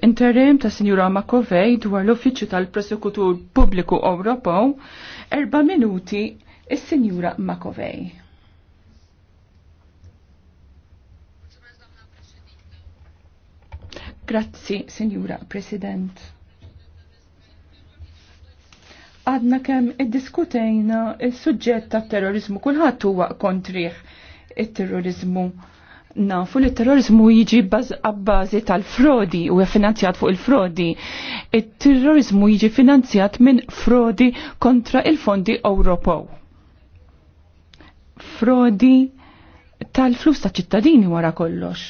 interim ta' Sinjura Makovej dwar l-Uffiċċju tal-Prosekutur Pubbliku Ewropew, erba' minuti is-Sinjura Makovej. Grazzi, Sinjura President. Għadna kemm iddiskutejna il-suġġett tat terrorizmu kulħadd huwa kontrih it-terrorizmu. il terrorizmu nafu li terrorizmu jiġi għabbażi tal-frodi u finanzjat fuq il-frodi. Il-terrorizmu jiġi finanzjat minn frodi kontra il-fondi Ewropew. Frodi tal-flus ta' ċittadini wara kollox.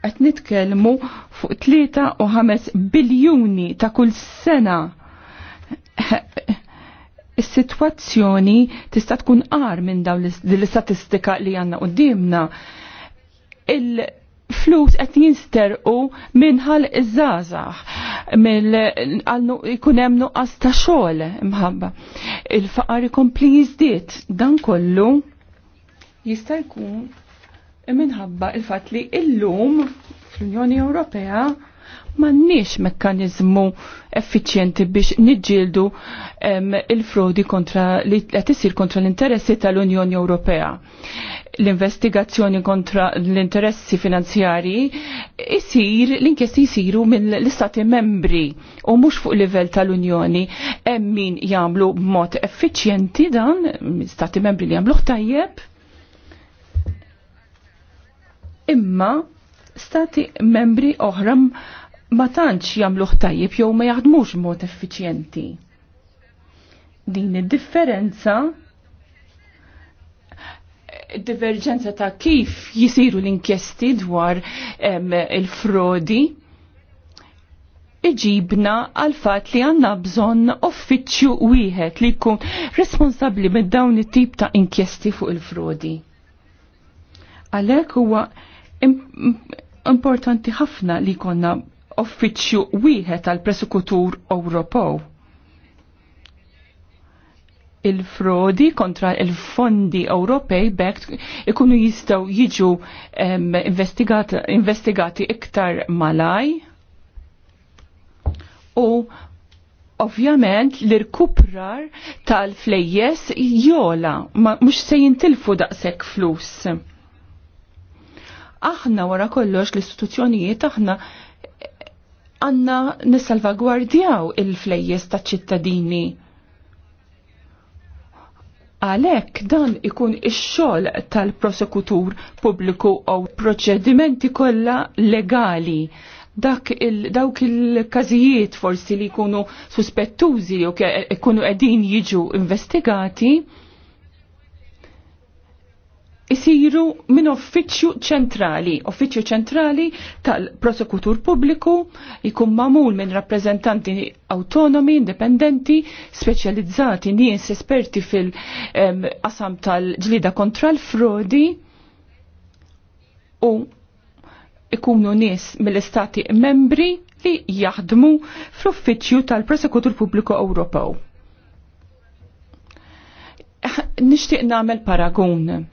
Qed nitkellmu fuq 3 u 5 biljuni ta' kull sena Is-sitwazzjoni tista' tkun qar minn dawn l-istatistika li għandna qudiemna. Il-flus qed jinsterqu minħal iż-żgħażagħ jkun hemm nuqqas ta' xogħol imħabba. Il-faqar ikompli jiżdied dan kollu jista' jkun minħabba il-fatt li illum fl-Unjoni Ewropea mannix mekkanizmu effiċjenti biex niġġieldu il-frodi kontra li qed isir kontra l-interessi tal-Unjoni Ewropea. L-investigazzjoni kontra l-interessi finanzjari isir l-inkjesti jisiru minn l-istati membri u mhux fuq livell tal-Unjoni hemm min jagħmlu b'mod effiċjenti dan, stati membri li jagħmluh tajjeb. Imma stati membri oħram ma tantx jagħmluh tajjeb jew ma jaħdmux mod effiċjenti. Din id-differenza diverġenza ta' kif jisiru l-inkjesti dwar il-frodi iġibna għal fat li għanna bżonn uffiċċju wieħed li jkun responsabli minn dawn it-tip ta' inkjesti fuq il-frodi. Għalhekk huwa importanti ħafna li konna uffiċċju wieħed tal presekutur Ewropew. Il-frodi kontra il-fondi Ewropej bekk ikunu jistgħu jiġu investigati iktar malaj u ovvjament l-irkuprar tal-flejjes jola, ma mux se jintilfu daqsek flus. Aħna wara kollox l-istituzzjonijiet aħna għanna nissalvagwardjaw il-flejjes ta' ċittadini. Għalek dan ikun ix-xogħol tal-prosekutur pubbliku u proċedimenti kollha legali dak il, dawk il-każijiet forsi li jkunu suspettużi jew ikunu qegħdin jiġu investigati isiru minn uffiċċju ċentrali, uffiċċju ċentrali tal-prosekutur pubbliku jkun mamul minn rappreżentanti autonomi, indipendenti, speċjalizzati nies esperti fil-qasam tal-ġlida kontra l-frodi u ikunu nies mill-istati membri li jaħdmu fl-uffiċċju tal-prosekutur pubbliku Ewropew. Nixtieq nagħmel paragun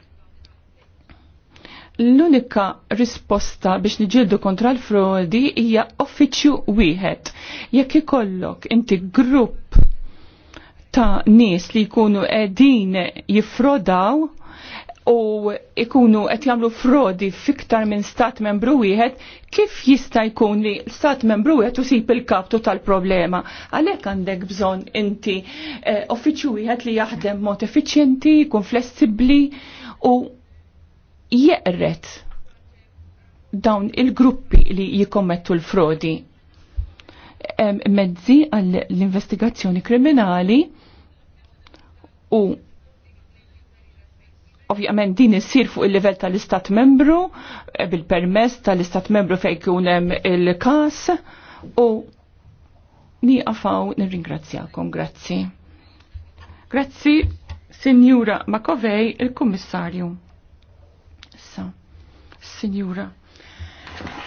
l-unika risposta biex niġildu kontra l-frodi hija uffiċju wieħed. Jekk ikollok inti grupp ta' nies li jkunu qegħdin jiffrodaw u ikunu qed jagħmlu frodi fiktar minn stat membru wieħed, kif jista' jkun li stat membru wieħed usib il-kaptu tal-problema? Għalhekk għandek bżonn inti eh, uffiċċju wieħed li jaħdem mod effiċjenti, jkun flessibbli u jeqret dawn il-gruppi li jikommettu l-frodi. Mezzi għall-investigazzjoni kriminali u ovvjament din issir fuq il-livell tal-istat membru eh, bil-permess tal-istat membru fejn ikun hemm il-każ u niqafaw nirringrazzjakom, grazzi. Grazzi, Sinjura Makovej, il-Kummissarju. Signora.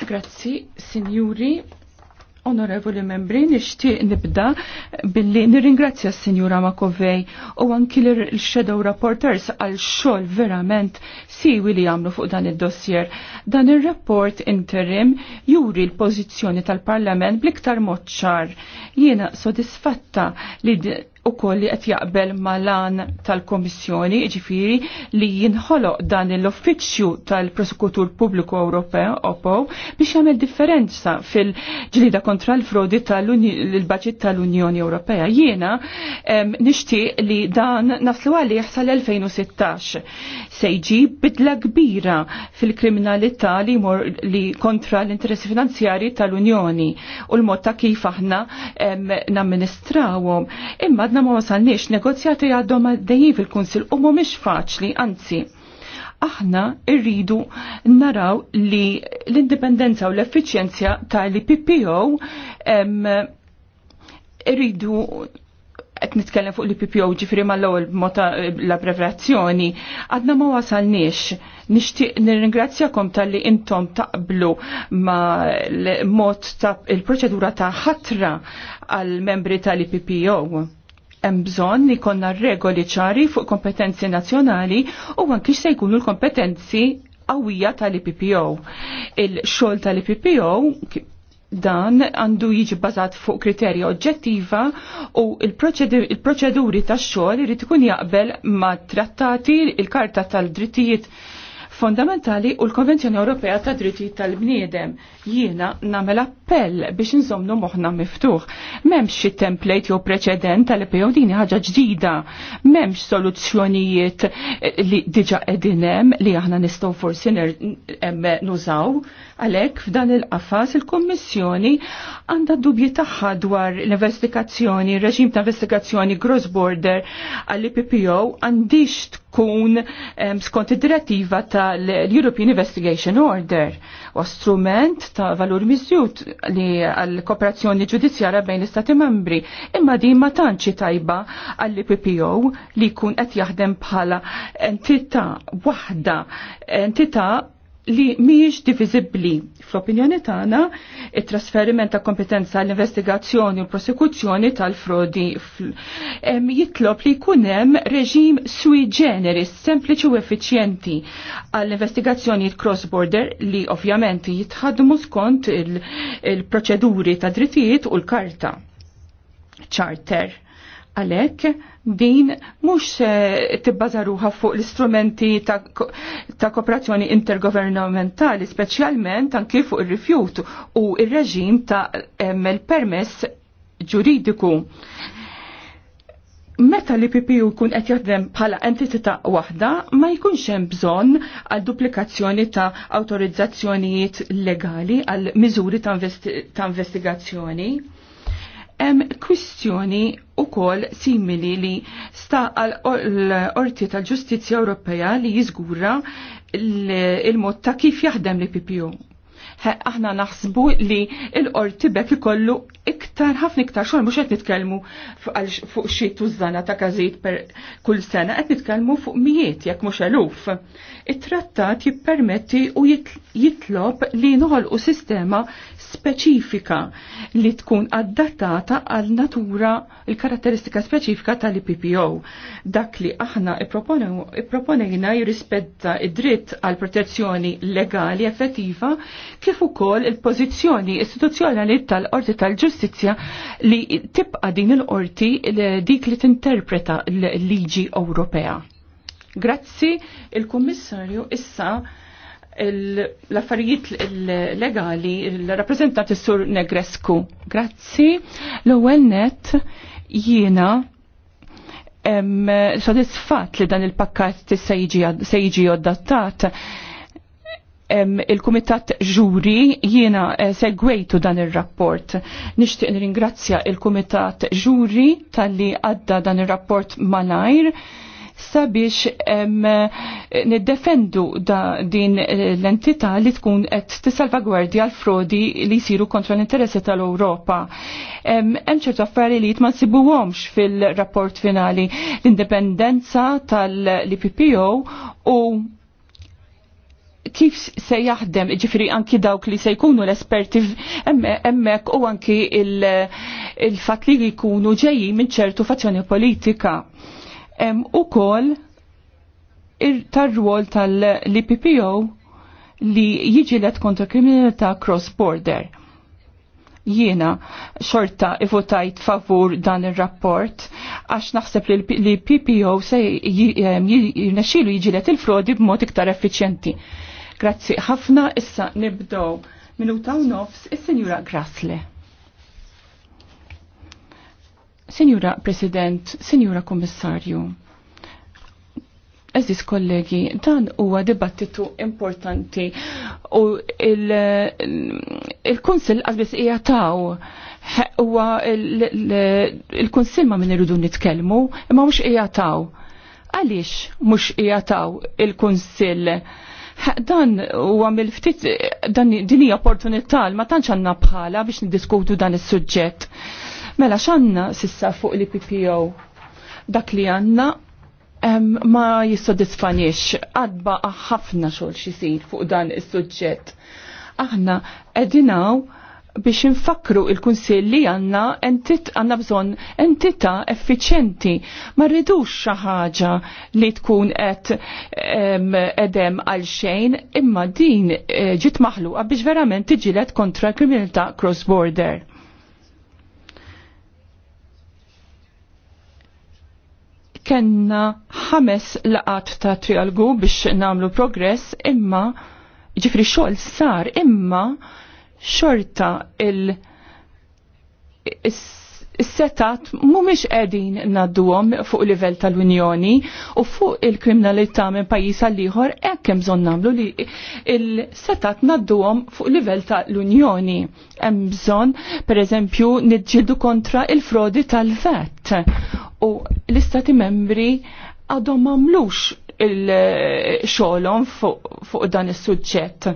Grazzi, signori, onorevoli membri, nishtiq nibda billi nirringrazzja s Makovej u anki l-Shadow Reporters għal xol verament siwi li għamlu fuq dan il-dossier. Dan il-rapport interim juri l-pozizjoni tal-Parlament bliktar moċċar. Jiena sodisfatta li u koll li qed jaqbel malan tal-Komissjoni, ġifiri, li jinħoloq dan l-Uffiċċju tal-Prosekutur Pubbliku Ewropew OPO biex jagħmel differenza fil-ġlida kontra l-frodi tal-baġit tal-Unjoni Ewropea. Jiena nixtieq li dan naslu għalih l 2016 se jġib bidla kbira fil-kriminalità li, mor, li kontra l-interessi finanzjari tal-Unjoni u l-mod ta' kif aħna namministrawhom. Imma għadna ma wasalniex negozjati għaddom għaddejjin fil-Kunsil u mhumiex faċli, anzi aħna irridu naraw li l-indipendenza u l-effiċjenzja tal-PPO irridu qed nitkellem fuq l-PPO ġifri ma l-ewwel mota la preparazzjoni, għadna ma wasalniex. Nixtieq nirringrazzjakom tal-li intom taqblu ma l-mod ta' il-proċedura ta' ħatra għal membri tal-PPO hemm bżonn li konna regoli ċari fuq kompetenzi nazzjonali u anki se jkunu l-kompetenzi qawwija tal-IPPO. Il-xogħol tal-IPPO dan għandu jiġi bazat fuq kriterja oġġettiva u il-proċeduri il proċeduri tax xogħol irid ikun jaqbel ma' trattati il-Karta tal-Drittijiet fondamentali u l-Konvenzjoni Ewropea ta' Drittijiet tal-Bniedem. Jiena nagħmel appell biex inżomnu moħħna miftuħ. M'hemmx xi template jew preċedent tal-EPO din ħaġa ġdida. M'hemmx soluzzjonijiet li diġà qegħdin hemm li aħna nistgħu forsi nużaw Għalhekk f'dan il-qafas il-Kummissjoni għandha dubji tagħha dwar l-investigazzjoni, reġim ta' investigazzjoni cross border għall-IPPO għandix tkun skont id-direttiva tal-European Investigation Order u strument ta' valur miżjut li għall-kooperazzjoni ġudizzjara bejn l-Istati membri. Imma din ma tantx tajba għall-IPPO li jkun qed jaħdem bħala entità waħda, entità li miex divizibli. Fl-opinjoni tagħna, it-trasferiment ta' kompetenza l-investigazzjoni u prosekuzzjoni tal-frodi jitlob li jkun hemm reġim sui generis, sempliċi u effiċjenti għall-investigazzjoni cross-border li ovvjament jitħadmu skont il-proċeduri il ta' drittijiet u l-karta. Charter. Għalhekk din mhux tibbaża fuq l-istrumenti ta', ta kooperazzjoni intergovernamentali, speċjalment anki fuq ir-rifjut u r reġim ta' permess ġuridiku. Meta li PPU kun qed jaħdem bħala entità waħda, ma jkunx hemm bżonn għal duplikazzjoni ta' awtorizzazzjonijiet legali għal miżuri ta', investi ta investigazzjoni Hemm kwistjoni ukoll simili li sta l-Qorti tal-Ġustizzja Ewropea li jiżgura il-mod ta' kif jaħdem l-PPO aħna naħsbu li l-qorti bekk ikollu iktar ħafna iktar xogħol mhux qed nitkellmu fuq xi tużana ta' każijiet per kull sena qed nitkellmu fuq mijiet jekk mhux eluf. It-trattat jippermetti u jitlob li noħolqu sistema speċifika li tkun adattata għal natura il-karatteristika speċifika tal-IPPO. Dak li aħna ipproponejna jirrispetta id-dritt għal protezzjoni legali effettiva kif ukoll il-pożizzjoni istituzzjonali tal-Qorti tal-Ġustizzja li tibqa' din il-qorti dik li tinterpreta l-liġi Ewropea. Grazzi il-Kummissarju issa l-affarijiet legali l-rappresentanti sur Negresku. Grazzi l-ewwel net jiena sodisfatt li dan il-pakkat se jiġi adattat il-Kumitat Ġuri jiena eh, segwejtu dan ir-rapport. Nixtieq nirringrazzja il-Kumitat Ġuri tal-li għadda dan ir-rapport malajr sabiex eh, niddefendu din eh, l-entità li tkun qed tissalvagwardja għal frodi li jsiru kontra l-interessi tal-Ewropa. Hemm ċertu affarijiet li ma nsibuhomx fil-rapport finali l-indipendenza tal-IPPO u kif se jaħdem, ġifri anki dawk li se jkunu l-esperti emmek u anki il-fat li jkunu ġeji minn ċertu fazzjoni politika. u kol tar-rwol tal-IPPO li jiġi let kontra kriminalità cross-border. Jiena xorta ivotajt favur dan il-rapport għax naħseb li l-PPO se jirnexilu jiġi let il-frodi b'mod iktar effiċjenti Grazzi ħafna issa nibdow minuta u nofs is-Sinjura Grasle. Senjura President, Senjura Kommissarju, Eżis kollegi, dan huwa dibattitu importanti u il-Kunsil il għazbis il jgħataw huwa il-Kunsil ma minn irridu nitkellmu, imma mhux jgħataw. Għaliex mhux ijataw il kunsil Dan huwa għamil ftit dan din opportunità ma tantx għandna bħala biex niddiskutu dan is-suġġett. Mela x'għandna sissa fuq li PPO dak li għandna ma jissodisfanix għadba ħafna xogħol xisir fuq dan is-suġġett. Aħna edinaw biex infakru il kunsilli li għanna għanna bżon entita effiċenti ma rridux xi ħaġa li tkun għet edem għal xejn imma din eh, ġiet maħluqa biex verament tiġilet kontra kriminalità cross border. Kenna ħames laqat ta' trialgu biex namlu progress imma ġifri xogħol sar imma xorta il- Is-setat mhumiex qegħdin ngħadduhom fuq livell tal-Unjoni u fuq il-kriminalità minn pajjiż għal ieħor hekk hemm bżonn nagħmlu li il-setat ngħadduhom fuq livell tal-Unjoni. Hemm bżonn pereżempju niġġieldu kontra il-frodi tal-vet u l-istati membri għadhom m'għamlux il-xogħolhom fuq dan is-suġġett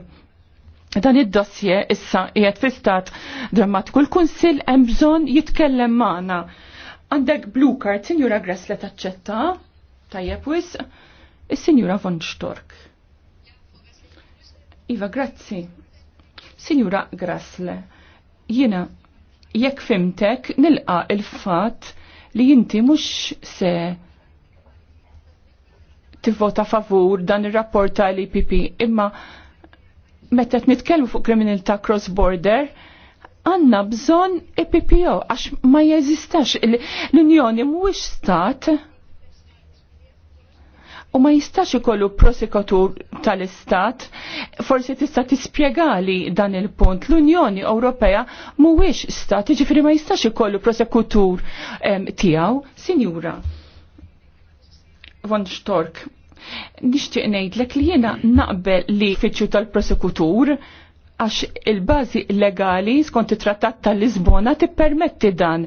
dan id-dossier issa qiegħed fi stat drammatiku. l kunsill hemm bżonn jitkellem magħna. Għandek blue card, Sinjura Gressle taċċetta, tajjeb wis, is-Sinjura von Stork. Iva, grazzi. Sinjura Grassle, jiena jekk fimtek nilqa il-fatt li jinti mhux se tivvota favur dan ir-rapport tal-IPP imma meta nitkellmu fuq kriminalità cross-border, għanna bżon EPPO, għax ma jeżistax l-Unjoni mhuwiex stat u ma jistax ikollu prosekutur tal-istat, forsi tista' tispjegali dan il-punt. L-Unjoni Ewropea mhuwiex stat, jiġifieri ma jistax ikollu prosekutur tiegħu, Sinjura. Von Stork, Nixtieq ngħidlek li jiena naqbel li fitxu tal-prosekutur għax il-bazi legali skont it-trattat tal-Lisbona tippermetti dan.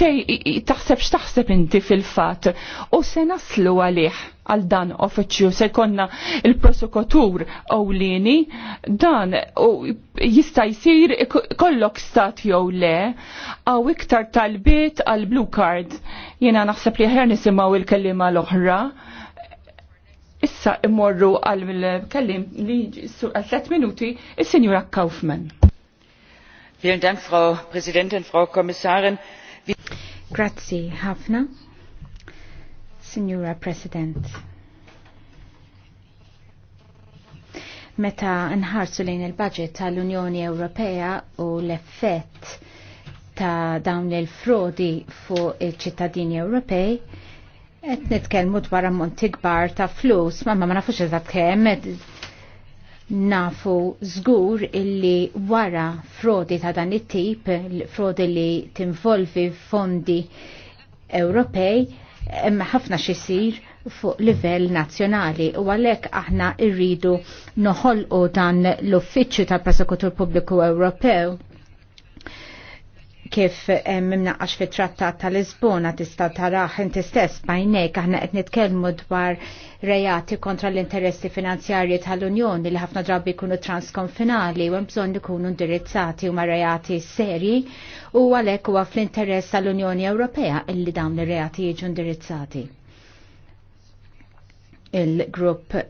Tej taħseb x'taħseb inti fil-fatt u se naslu għalih għal dan uffiċju se konna il-prosekutur ewlieni dan u jista' jsir kollok stat jew le għaw iktar tal-bit għal blue card. Jiena naħseb li ħer nisimgħu il-kelliema l-oħra Issa immorru għal-kellim li għal tlet minuti il-Sinjura Kaufman. Vielen Dank, Frau Präsidentin, Frau Kommissarin. Grazzi ħafna, Signora President. Meta nħarsu lejn il-budget tal-Unjoni Ewropea u l-effett ta' dawn il-frodi fuq il-ċittadini Ewropej, Et nitkelmu dwar ammonti kbar ta' flus, ma ma nafux eżat kem, nafu żgur illi wara frodi ta' dan it-tip, frodi li tinvolvi fondi Ewropej, imma ħafna xisir fuq livell nazzjonali u għalhekk aħna rridu noħolqu dan l-Uffiċċju tal-Prosekutur Pubbliku Ewropew kif mimnaqqax eh, fit trattat tal-Lisbona tista' taraħ inti stess bajnejk aħna qed nitkellmu dwar rejati kontra l-interessi finanzjarji tal-Unjoni li ħafna drabi jkunu transkonfinali u hemm bżonn ikunu indirizzati huma rejati serji u għalhekk huwa fl-interess tal-Unjoni Ewropea illi dawn ir-reati jiġu indirizzati il-grupp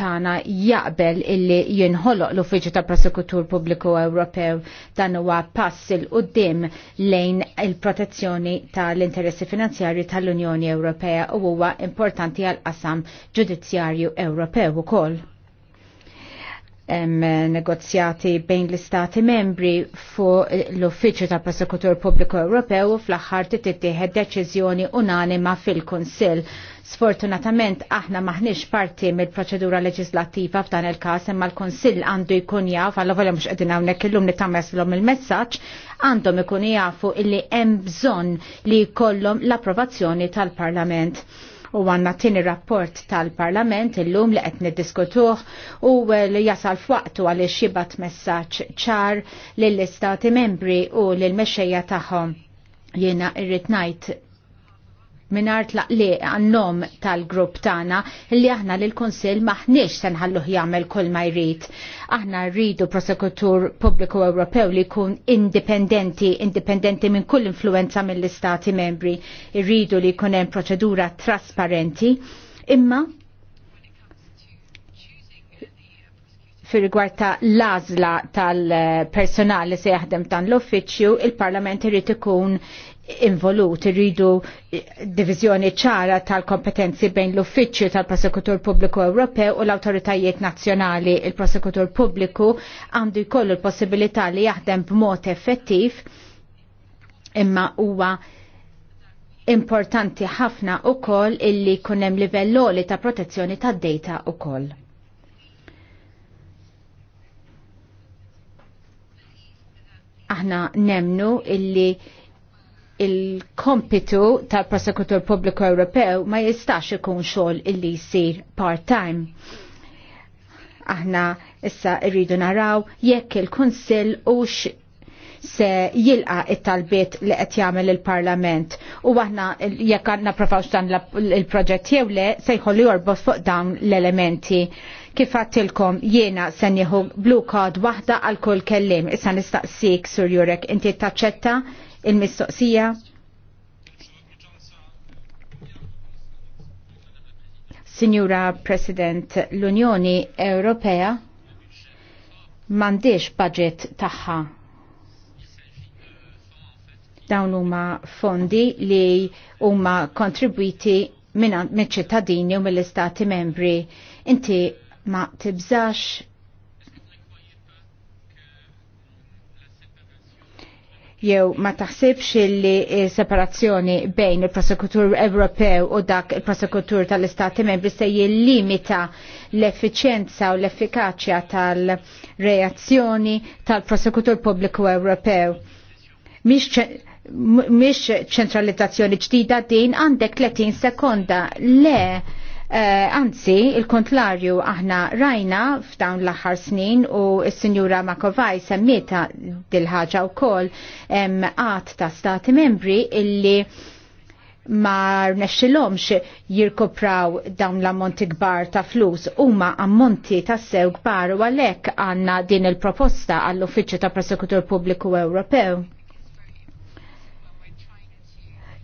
Tana jaqbel illi jinħoloq l-Uffiċċju ta' prosekutur Pubbliku Ewropew dan huwa pass il qudiem lejn il-protezzjoni tal-interessi finanzjarji tal-Unjoni Ewropea u huwa importanti għal qasam ġudizzjarju Ewropew ukoll negozjati bejn l-istati membri fuq l-Uffiċċju tal Prosekutur Pubbliku Ewropew u fl-aħħar tittieħed deċiżjoni unanima fil-Kunsill. Sfortunatament aħna maħniex parti mill-proċedura leġislattiva f'dan il-każ imma l-Kunsill għandu jkun jaf għal volem mhux qegħdin hawnhekk illum nitamesslhom il-messaġġ għandhom ikun jafu illi hemm bżonn li jkollhom l-approvazzjoni tal-Parlament u għanna tini rapport tal-Parlament illum li qed niddiskutuh u eh, li jasal f'waqtu għalli xibat messaġġ ċar lill-Istati membri u lill-mexxejja tagħhom. Jiena irrid ngħid minar tlaqli għannom tal-grupp tana li aħna l konsil maħniex senħalluħ jagħmel kull ma jrid. Aħna rridu prosekutur pubbliku Ewropew li jkun indipendenti, indipendenti minn kull influenza mill-istati membri. Irridu li jkun hemm proċedura trasparenti. Imma fir rigward ta' l tal-personali se jaħdem tan l uffiċċju il-Parlament irid ikun involut, irridu divizjoni ċara tal-kompetenzi bejn l-Uffiċċju tal-Prosekutur Pubbliku Ewropew u l-Awtoritajiet Nazzjonali. Il-Prosekutur Pubbliku għandu jkollu l-possibilità li jaħdem b'mod effettiv imma huwa importanti ħafna u koll illi kunem livelloli ta' protezzjoni ta' data u koll. Aħna nemnu illi il-kompitu tal-Prosekutur Pubbliku Ewropew ma jistax ikun xogħol illi jsir part-time. Aħna issa rridu naraw jekk il-Kunsill hux se jilqa it-talbiet li qed jagħmel il-Parlament u aħna jekk għandna provaw dan il-proġett jew le se jħolli jorbos fuq dawn l-elementi. Kif għattilkom jiena se nieħu blue card waħda għal kull kellim issa nistaqsik sur Jurek inti taċċetta il-mistoqsija. Signora President, l-Unjoni Ewropea mandiex budget taħħa. Dawn huma fondi li huma kontribwiti minn ċittadini u mill-istati membri. Inti ma tibżax jew ma taħsibx li separazzjoni bejn il-prosekutur Ewropew u dak il-prosekutur tal-Istati membri se jillimita l-effiċenza u l-effikaċja tal-reazzjoni tal-prosekutur pubbliku Ewropew. Mhix ċentralizzazzjoni ġdida din għandek 30 sekonda. Le, Eh, anzi, il-kontlarju aħna rajna f'dawn l-aħħar snin u s-Sinjura Makovaj semmieta dil-ħaġa u koll għat ta' stati membri illi ma rnexxilhomx jirkopraw dawn l-ammonti kbar ta' flus huma ammonti ta' sew kbar u għalhekk għandna din il-proposta għall-Uffiċċju ta' Prosekutur Pubbliku Ewropew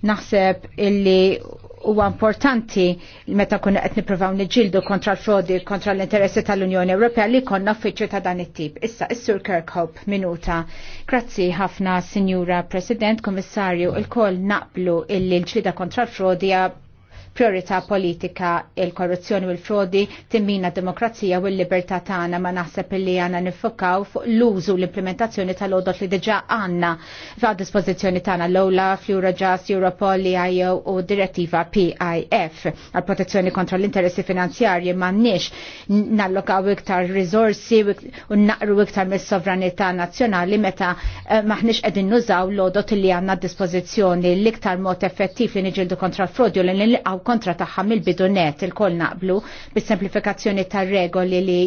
Naħseb illi huwa importanti meta kunna qed nippruvaw niġġieldu kontra l-frodi kontra l-interessi tal-Unjoni Ewropea li konna uffiċċju ta' dan it-tip. Issa is-Sur Kirkhope minuta. Grazzi ħafna Sinjura President, Kommissarju, il-koll naqblu illi l-ġlida kontra l-frodi priorità politika il-korruzzjoni u l-frodi timmina demokrazija u l-libertà tagħna ma naħseb li għandna nifokaw fuq l-użu l-implementazzjoni tal-odot li diġà għandna fa' dispożizzjoni tagħna l-ola fl-Eurojust, Europol, EIO u direttiva PIF għal protezzjoni kontra l-interessi finanzjarji m'għandniex nallokaw iktar riżorsi u naqru iktar mis-sovranità nazzjonali meta eh, maħniex qegħdin nużaw l-odot li għandna dispożizzjoni l-iktar mod effettiv li niġildu kontra l-frodi u l nilqgħu kontra tagħha mill-bidunet il-koll naqblu bis-semplifikazzjoni tar-regoli li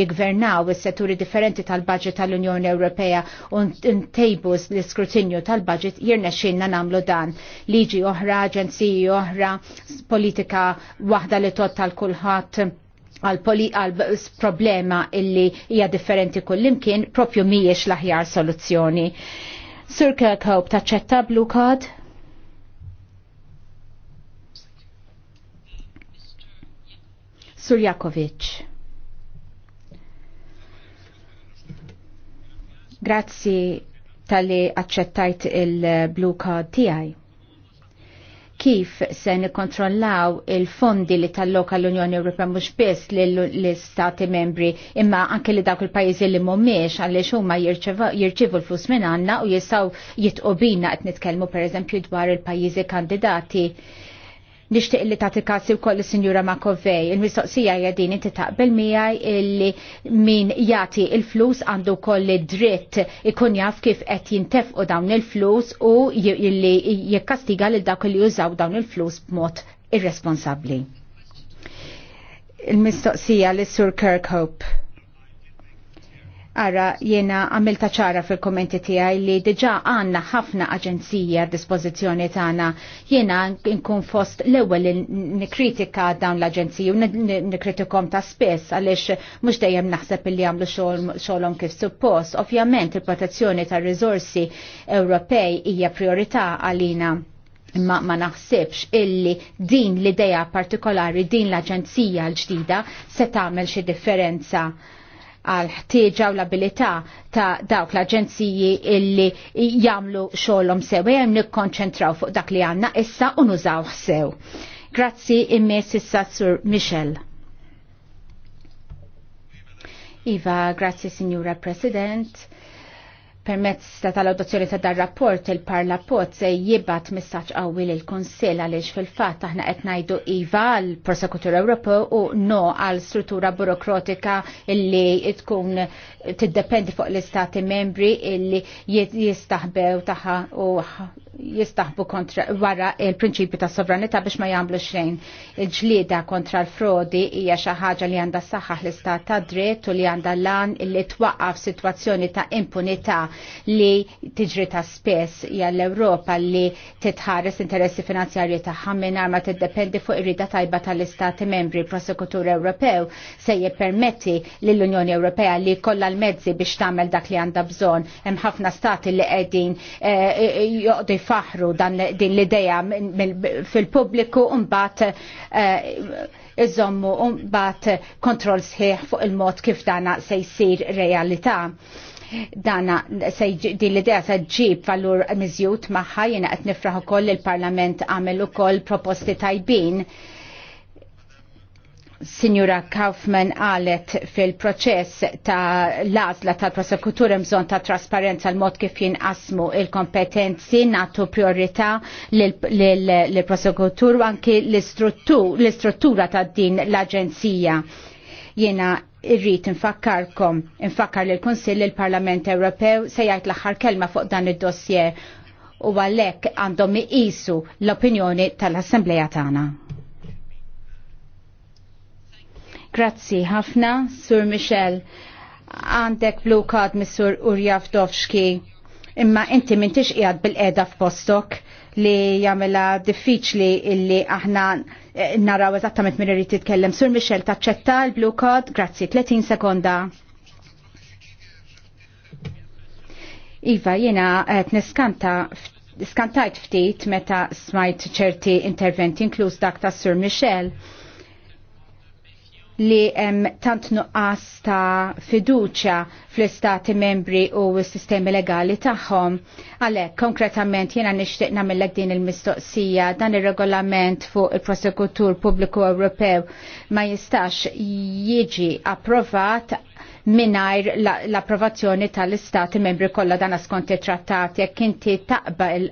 jigvernaw is-setturi differenti tal-budget tal-Unjoni Ewropea u ntejbu l-iskrutinju tal-budget xinna nagħmlu dan. Liġi oħra, aġenziji oħra, politika waħda li tot tal-kulħadd għal problema illi hija differenti kullimkien propju mhijiex l-aħjar soluzzjoni. Sir Kirkhope taċċetta blue card? Surjakovic. Grazzi tal-li accettajt il-blue card tijaj kif se nikkontrollaw il-fondi li tal-loka l-Unjoni Ewropea mhux biss l-istati membri imma anke li dawk il-pajjiżi li mhumiex għaliex huma jirċivu l-flus minn għandna u jistgħu jitqobina qed nitkellmu pereżempju dwar il-pajjiżi kandidati Nixtieq li tagħti kasi wkoll is-Sinjura Makovej. Il-mistoqsija hija din inti taqbel miegħi illi min jagħti il-flus għandu koll dritt ikun jaf kif qed jintefqu dawn il-flus u illi jikkastiga lil dak li jużaw dawn il-flus b'mod irresponsabbli. Il-mistoqsija lis sur Kirkhope. Ara, jena għamilta ċara fil-kommenti tijaj li diġa għanna ħafna aġenzija dispozizjoni tagħna. Jena nkun fost l-ewel li nikritika dawn l aġenzija u nikritikom ta' spess għalix mux dejjem naħseb li għamlu xolom kif suppost. Ovvjament il-protezzjoni ta' rizorsi Ewropej hija priorità għalina imma ma naħsibx illi din l-ideja partikolari, din l-aġenzija l-ġdida se tagħmel xi differenza għal ħtieġa u l-abilità ta' dawk l-aġenziji illi jagħmlu xogħolhom sew hemm nikkonċentraw fuq dak li għandna issa u nużaw sew. Grazzi immies issa Sur Michel. Iva, grazzi Signora President Permezz ta' tal-adozzjoni ta' dar rapport il parla pot se jibbat messaċ qawwi il kunsill għaliex fil-fatt aħna qed ngħidu iva għal prosekutur Ewropa u no għal struttura burokratika illi tkun tiddependi fuq l-istati membri illi jistaħbew taħħa u jistaħbu kontra wara il-prinċipju ta' sovranità biex ma jagħmlu xejn. Il-ġlieda kontra l-frodi hija xi ħaġa li għandha saħħaħ l-istat ta' dritt u li għandha lan li twaqqaf sitwazzjoni ta' impunità li tiġri ta' spess hija l-Ewropa li titħares interessi finanzjarji tagħha mingħajr ma tiddependi fuq ir-rida tajba tal-istati membri. Prosekutur Ewropew se jippermetti lill-Unjoni Ewropea li kollha l-mezzi biex tagħmel dak li għandha bżonn. Hemm ħafna stati li qegħdin eh, joqdu Faħru dan din l-ideja fil-pubbliku mbagħad eh, iżommu mbagħad kontroll sħiħ fuq il-mod kif dana se jsir realita. dana din l-idea se ġib valur mizjut magħha jiena qed nifraħ ukoll il-Parlament għamel ukoll proposti tajbin Signora Kaufman għalet fil-proċess ta' lazla tal prosekutur imżon ta' trasparenza l mod kif jinqasmu il-kompetenzi natu priorità l-prosekutur u anki l-istruttura ta' din l-Aġenzija. Jena irrit infakkarkom, infakkar l-Konsill il-Parlament Ewropew se jgħid l-aħħar kelma fuq dan id-dossier u għalhekk għandhom iqisu l-opinjoni tal-Assembleja tagħna. Grazzi ħafna, Sur Michel. Għandek blue card mis-Sur Urjaf Dovxki. Imma inti mintix qiegħed bil-qeda f'postok li jagħmilha diffiċli illi aħna eh, naraw eżattament min irid titkellem. Sur Michel taċċetta l-blue card, grazzi, 30 sekonda. Iva, jena qed niskanta skantajt ftit meta smajt ċerti interventi inkluż dak ta' Sur Michel li hemm tant nuqqas ta' fiduċa fl-istati membri u s-sistemi legali tagħhom. Għalhekk konkretament jiena nixtieq nagħmellek din il-mistoqsija dan ir-regolament fuq il-Prosekutur Pubbliku Ewropew ma jistax jiġi approvat mingħajr l-approvazzjoni tal-istati membri kollha dan skont it-trattat jekk inti taqbel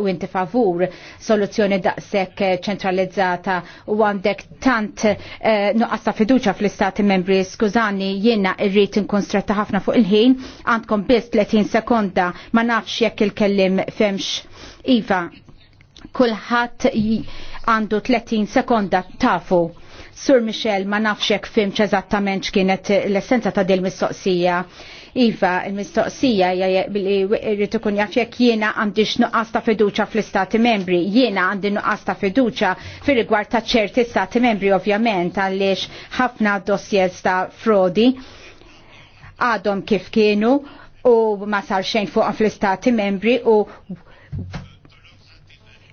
u inti favur soluzzjoni daqshekk ċentralizzata u għandek tant eh, nuqqas ta' fiduċa fl-istati membri skużani jiena irrid nkun stretta ħafna fuq il-ħin għandkom biss 30 sekonda ma nafx jekk il-kellim femx Iva, kulħadd għandu 30 sekonda tafu Sur Michel, ma nafxek fimx eżattament x'kienet l-essenza ta' dil mistoqsija Iva, il-mistoqsija li rritu jafjek jena jiena għandix nuqqas ta' fiduċa fl-istati membri, jiena għandi nuqqas ta' fiduċa fil rigward ta' ċerti stati membri ovvjament għaliex ħafna dossiers ta' frodi għadhom kif kienu u ma sar xejn fuq fl-istati membri u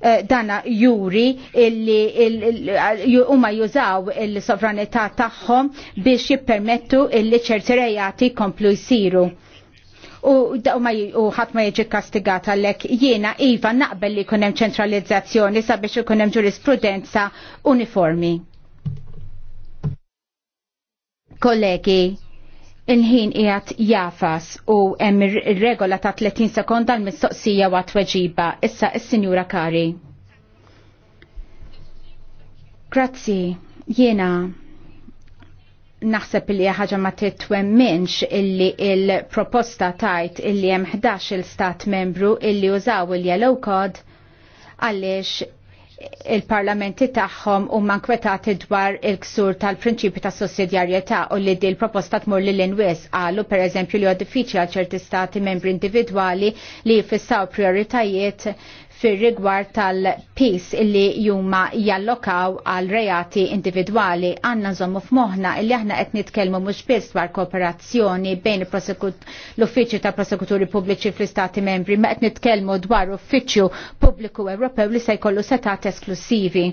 Eh, dana juri illi huma jużaw il-sovranità tagħhom biex jippermettu illi ċerti rejati komplu jsiru. U ħadd ma jiġi kastigat għalhekk jiena iva naqbel li jkun hemm ċentralizzazzjoni sabiex ikun hemm ġurisprudenza uniformi. Kollegi, il-ħin qiegħed jafas u hemm ir-regola ta' 30 sekonda l-mistoqsija wa tweġiba. Issa is-Sinjura Kari. Grazzi, jiena naħseb li ħaġa ma titwemminx illi il-proposta tajt illi hemm 11 il-stat membru illi użaw il-yellow code għaliex il-parlamenti tagħhom u mankwetati dwar il-ksur tal-prinċipi ta' sussidjarjetà u li di l-proposta tmur li l-inwes għalu per eżempju li għad diffiċi għal ċerti stati membri individuali li jfissaw prioritajiet fir-rigward tal-pis illi juma jallokaw għal reati individwali għanna nżommu f'moħna illi aħna qed nitkellmu mhux biss dwar kooperazzjoni bejn l-uffiċċju ta' prosekuturi pubbliċi fl-istati membri ma qed nitkellmu dwar uffiċċju pubbliku Ewropew li se jkollu setat esklusivi.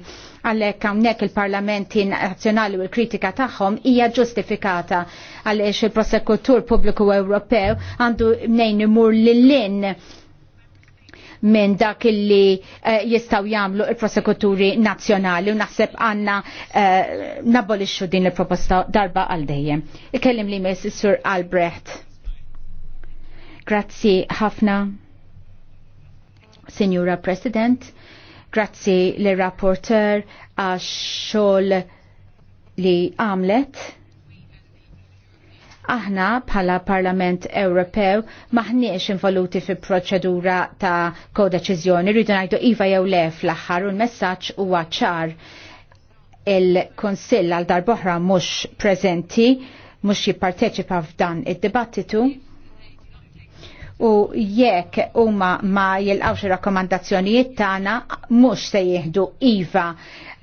Għalhekk hawnhekk il-parlamenti nazzjonali u l-kritika tagħhom hija ġustifikata għaliex il-prosekutur pubbliku Ewropew għandu mnejn imur lil-lin minn dak illi eh, jistaw jamlu il-prosekuturi nazjonali u naħseb għanna uh, nabolixxu din il-proposta darba għal dejjem. Ikellim li mis Sur Albrecht. Grazzi ħafna, Signora President, grazzi l-rapporter għax xol li għamlet Aħna bħala Parlament Ewropew maħniex involuti fi proċedura ta' kodeċiżjoni, rridu ngħidu iva jew le fl-aħħar u l-messaġġ huwa ċar il-Konsill għal darboħra mhux preżenti, mhux jipparteċipa f'dan id-dibattitu u jekk huma ma jilqawx ir rakkomandazzjonijiet tagħna mhux se jieħdu iva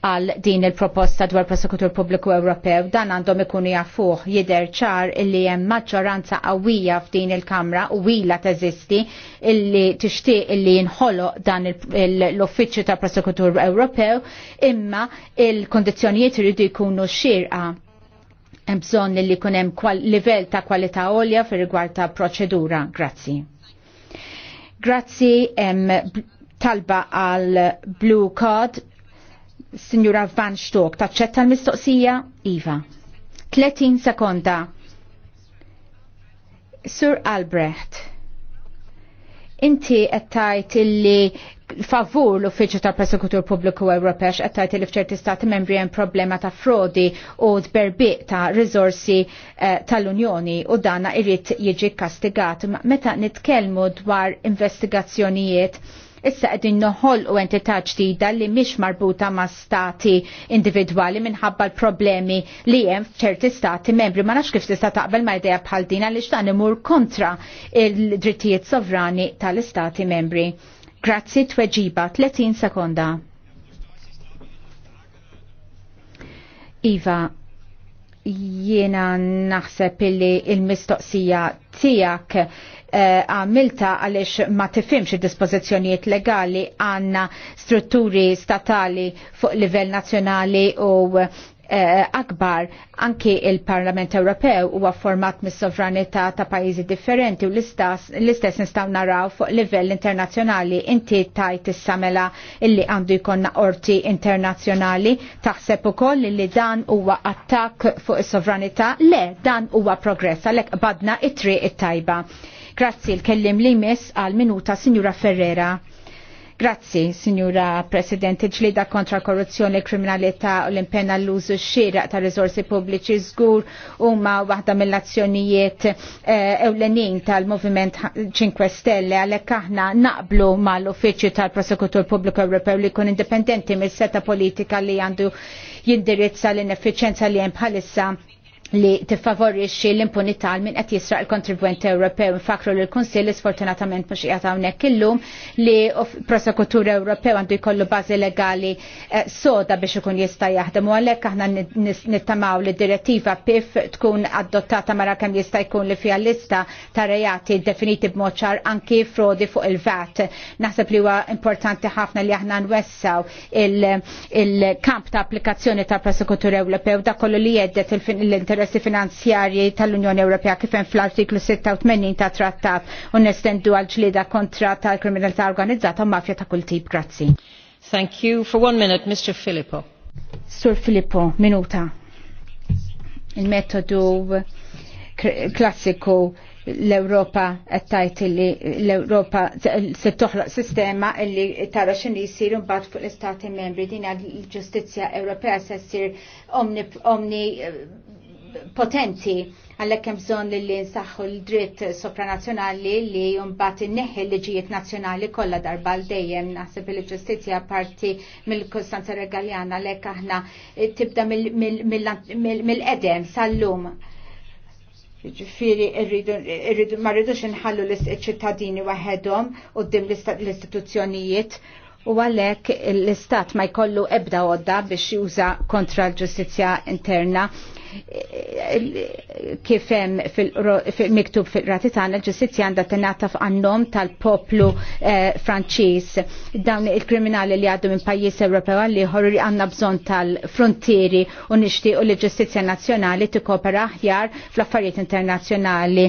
għal din il-proposta dwar prosekutur pubbliku Ewropew dan għandhom ikunu jafuh jider ċar illi hemm maġġoranza qawwija f'din il-Kamra u wila teżisti illi tixtieq illi jinħoloq dan l-Uffiċċju ta' Prosekutur Ewropew imma il-kondizzjonijiet iridu jkunu xirqa hemm bżonn li jkun hemm livell ta' kwalità għolja fir-rigward ta' proċedura. Grazzi. Grazzi talba għal Blue Code. Signora Van Stok, taċċetta l-mistoqsija? Iva. 30 sekonda. Sur Albrecht, inti għettajt illi favur l-Uffiċċju tal persekutur Pubbliku Ewropex għettajt li fċerti stati membri hemm problema ta' frodi u dberbiq ta' rizorsi eh, tal-Unjoni u dana irrit jiġi kastigat. Meta nitkellmu dwar investigazzjonijiet Issa qegħdin noħolqu entità ġdida li mhix marbuta ma' stati individwali minħabba l-problemi li hemm f'ċerti stati membri. Ma nafx kif tista' taqbel ma' idea bħal din għaliex dan imur kontra il-drittijiet sovrani tal-istati membri. Grazzi tweġiba 30 sekonda. Iva, jiena naħseb illi il-mistoqsija tijak Eh, għamilta għalix ma tifimx il dispozizjoniet legali għanna strutturi statali fuq livell nazjonali u eh, akbar anki il-Parlament Ewropew huwa format mis-sovranità ta' pajjiżi differenti u l-istess nistgħu naraw fuq livell internazzjonali inti tajt is-samela illi għandu jkollna qorti internazzjonali taħseb ukoll li dan huwa attakk fuq is-sovranità le dan huwa progress għalhekk badna it-triq it-tajba. it triq it tajba Grazzi l-kellim li mis għal minuta Signora Ferrera. Grazzi, Signora Presidente. ġlida kontra korruzzjoni, kriminalità u l-impenna l-użu xira ta' rizorsi pubbliċi żgur huma waħda mill-azzjonijiet eh, ewlenin tal-Moviment 5 Stelle għalhekk aħna naqblu mal-Uffiċċju tal-Prosekutur Pubbliku Ewropew li jkun indipendenti mis-seta politika li għandu jindirizza l-ineffiċenza li hemm bħalissa li tiffavorixxi l-impunità għal min qed jisraq il-kontribwent Ewropew. Infakru l kunsill sfortunatament mhux qiegħed hawnhekk illum li prosekutur Ewropew għandu jkollu bażi legali eh, soda biex ikun jista' jaħdem u għalhekk aħna nittamaw li direttiva PIF tkun adottata mara kemm jista' jkun li fiha lista ta' rejati definiti b'mod ċar anki frodi fuq il-VAT. Naħseb li huwa importanti ħafna li aħna nwessaw il-kamp ta' applikazzjoni tal prosekutur Ewropew da kollu li jeddet il fin interessi finanzjarji tal-Unjoni Ewropea kif hemm fl-artiklu 86 ta' trattat u nestendu għal ġlieda kontra tal-kriminalità organizzata u mafja ta' kull tip. Grazzi. Thank you. For one minute, Mr. Filippo. Sur Filippo, minuta. Il-metodu klassiku l-Europa għattajt li l-Europa se toħloq sistema li tara xinu jisir mbagħad fuq l-Istati membri din l-ġustizzja Ewropea se ssir omni potenti għallek hemm bżonn li nsaħħu l-dritt sopranazzjonali li mbagħad inneħħi l-liġijiet nazzjonali kollha darba l dejjem naħseb li ġustizzja parti mill-Kostanza Regaljana għalhekk aħna tibda mill edem sal-lum ġifiri irridu ma rridux inħallu l-ċittadini waħedhom u d l-istituzzjonijiet u għalek l-istat ma jkollu ebda għodda biex juża kontra l-ġustizja interna kif hemm miktub fil-rati tagħna l-ġustizzja għandha tingħata f'għannom tal-poplu eh, Franċiż. Dawn il-kriminali li għaddu minn pajjiż Ewropew li ieħor li għandna bżonn tal-frontieri u nixtiequ li ġustizzja nazzjonali tikkopera aħjar fl-affarijiet internazzjonali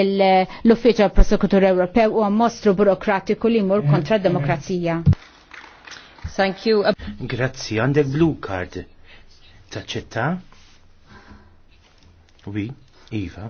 l-Uffiċċju Prosekutur Ewropew huwa mostru burokratiku li jmur kontra d-demokrazija. Thank you. Grazzi, għandek blue card. Taċċetta? Oui, Iva.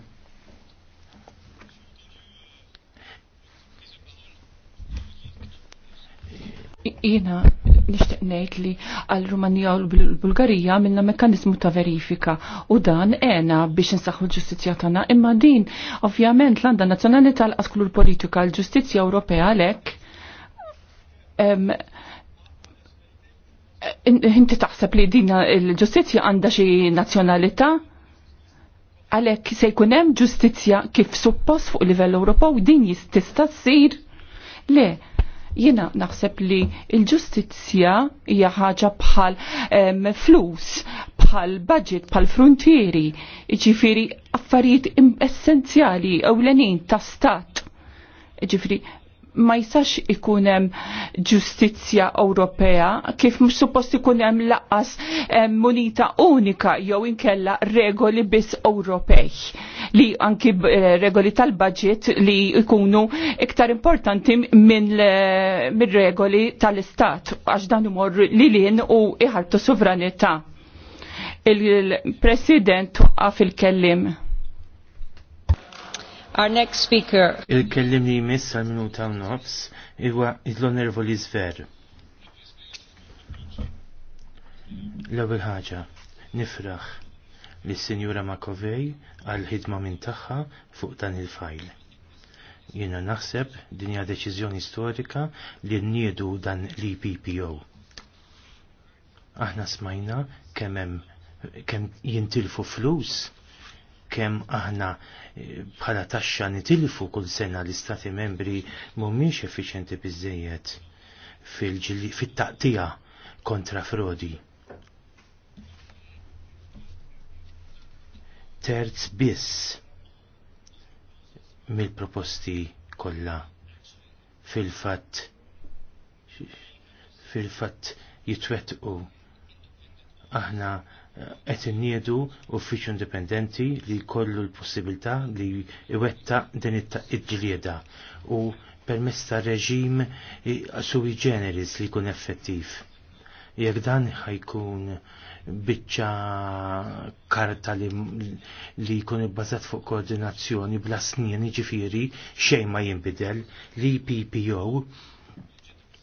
Jena, nishtiq ngħid li għal Rumanija u l-Bulgarija minna mekkanizmu ta' verifika u dan għena biex nsaħħu l-ġustizzja tagħna imma din ovvjament l-għanda nazzjonali tal-qasklu l-politika l-ġustizzja Ewropea għalhekk inti taħseb li din il-ġustizzja għandha xi nazzjonalità? Għalhekk se jkun hemm ġustizzja kif suppost fuq livell Ewropew din jistista' ssir le jiena naħseb li l ġustizzja hija ħaġa bħal flus, bħal budget, bħal frontieri, iġifieri affarijiet essenzjali ewlenin ta' stat. Ġifiri ma jistax ikun hemm ġustizzja Ewropea kif mhux suppost ikun hemm laqas munita unika jew inkella regoli biss Ewropej li anki eh, regoli tal-budget li jkunu iktar importanti minn eh, regoli tal-istat għax dan imur li lin u iħartu sovranità. Il-president toqqa fil-kellim. Our next speaker. Il-kellim li jmiss għal minuta u nofs huwa l li Zver. L-ewwel ħaġa, nifraħ li s sinjura Makovej għal ħidma minn tagħha fuq dan il-fajl. Jiena naħseb din hija deċiżjoni storika li nniedu dan l eppo Aħna smajna kemm hemm kemm jintilfu flus kemm aħna e, bħala taxxa nitilfu kull sena l-istati membri mhumiex effiċenti bizzejiet fit-taqtija kontra frodi. Terz biss mill-proposti kollha fil-fatt fil-fatt jitwettqu. aħna qed inniedu uffiċċju indipendenti li jkollu l-possibilità li iwetta din it-ġlieda u permess ta' reġim sui generis li jkun effettiv. Jekk dan ħajkun biċċa karta li, jkun ibbażat fuq koordinazzjoni bla snien ġifiri xejn ma jinbidel li PPO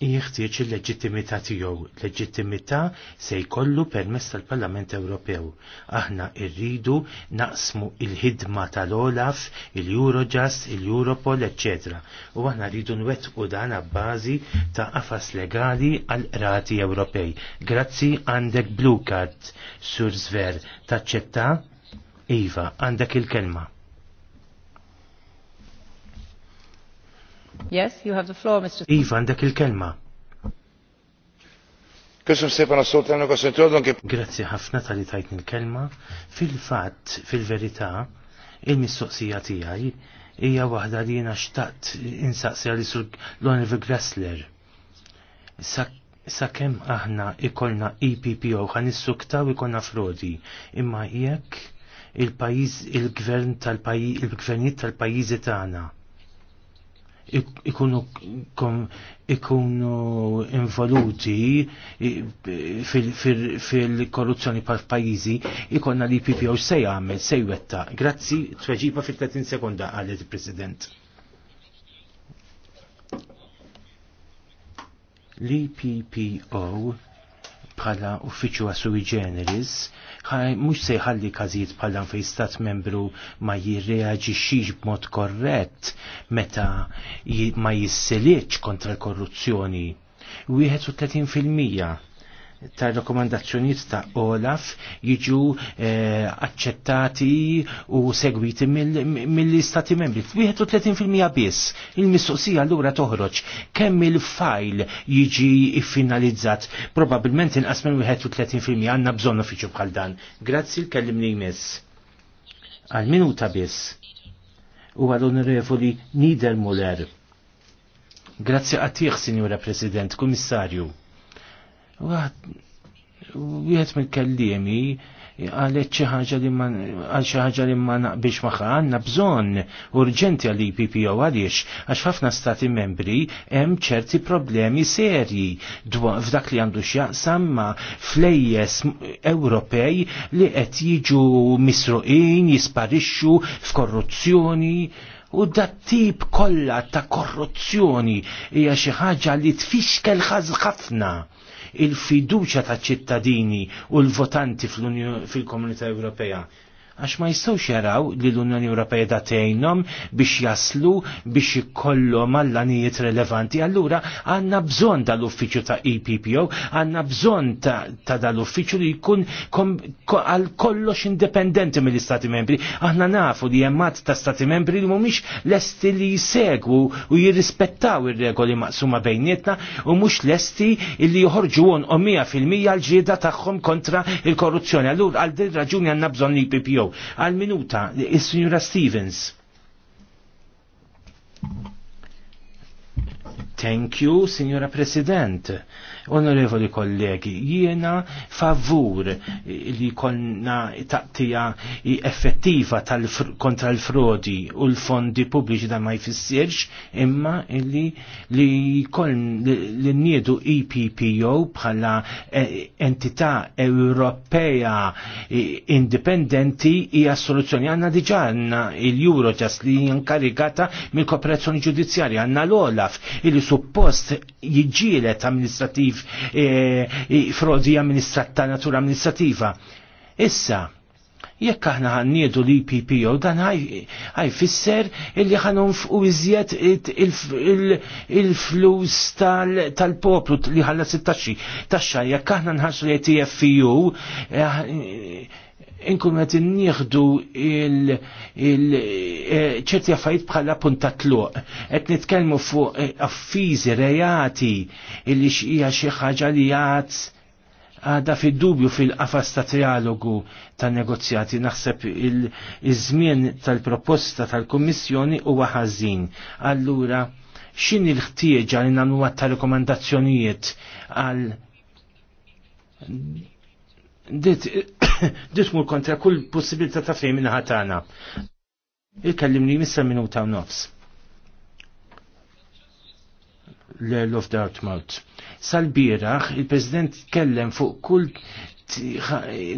jeħtieġ il-leġittimità tiegħu, leġittimità se jkollu permess tal-Parlament Ewropew. Aħna rridu naqsmu il-ħidma tal-Olaf, il-Eurojust, il-Europol, etc. U aħna rridu nwettqu dan bażi ta' qafas legali għal rati Ewropej. Grazzi għandek Blue Card, Sur Zver, taċċetta? Iva, għandek il-kelma. Yes, you have the floor, Mr. Iva, għandek il-kelma. Kusum Grazzi ħafna tal-li tajtni l-kelma. Fil-fat, fil-verita, il-mistoqsija tijaj hija waħda li jena xtaqt insaqsija li sur l-Oliver Gressler. Sakem aħna ikolna EPPO ħan nissuktaw ikolna frodi, imma jekk il-pajiz il-gvern tal-pajiz il-gvernijiet tal-pajizi tagħna ikunu ikunu involuti fil-korruzzjoni pa' pajizi ikonna li PPO sej jgħamil, sej wetta. Grazzi, tweġiba fil-30 sekonda għalet il-President. Li PPO bħala uffiċu sui generis, mux se kazijiet bħala fej stat membru ma xiex b'mod korrett meta ma jisseliċ kontra l-korruzzjoni. 31% ta' rekomandazzjoniet ta' Olaf jiġu eh, accettati u segwiti mill-istati mil membri. 31% biss. Il-mistoqsija lura toħroġ. Kemm il-fajl jiġi finalizzat? Probabilment inqas minn 31% għandna bżonn uffiċċju bħal dan. Grazzi l-kellimni jmiss. Għal minuta biss. U għal-onorevoli Niedermuller. Grazzi għatiħ, Signora President, Komissarju Wieħed mill-kellimi għalet xi ħaġa li ma għal xi ħaġa li ma magħha għandna bżonn urġenti għal IPPO e għaliex għax ħafna stati membri hemm ċerti problemi serji f'dak li għandu x'jaqsam ma flejjes Ewropej li qed jiġu misruqin, jisparixxu f'korruzzjoni U dat tip kollha ta' korruzzjoni hija xi ħaġa li tfixkel ħafna il-fiduċa ta' ċittadini u l-votanti fil-Komunità Ewropea għax ma jistawx jaraw li l-Unjoni Ewropea da biex jaslu biex ikollhom għallanijiet relevanti. Allura għandna bżonn dal-uffiċċju ta' EPPO, għandna bżonn ta' dal-uffiċċju li jkun għal kollox indipendenti mill-Istati Membri. Aħna nafu li hemm ta' Stati Membri li mhumiex lesti li jsegwu u jirrispettaw ir-regoli maqsuma bejnietna u mhux lesti li joħorġu on 100% l-ġieda tagħhom kontra il-korruzzjoni. Allura għal din raġuni għandna bżonn l-EPPO Għal minuta, il-Signora Stevens. Thank you, Signora President. Onorevoli kollegi, jiena favur li konna taqtija effettiva tal kontra l-frodi u l-fondi pubbliċi da ma jfissirx imma li li li njedu EPPO bħala eh, entità Ewropea eh, indipendenti hija soluzzjoni għanna diġà għandna il-Euro just li jinkarigata mill-kooperazzjoni ġudizzjarja għandna l-Olaf illi suppost jiġielet amministrativ kif e, e, frodi amministrata ta' natura amministrativa. Issa, jekk aħna ħanniedu l PPO dan ħajfisser illi ħanum fuq iżjed il-flus tal-poplu li ħalla sit-taxxi. taxxa jekk aħna nħarsu li TFU e eh, inkun għet nieħdu e, ċerti għaffajt bħala punta tluq. Qed nitkellmu fuq e, affiżi rejati illi hija xi ħaġa li għad għada fid dubju fil-qafas ta' trialogu ta' negozjati naħseb il-żmien tal-proposta tal-Kommissjoni huwa ħażin. Allura, xin il-ħtieġa li nagħmlu ta' rekomandazzjonijiet għal Dit, mur kontra kull possibilità ta' fejn minna ħatana. il kallimni missa minuta u nofs. L-Earl of Dartmouth. Sal-biraħ, il-President kellem fuq kull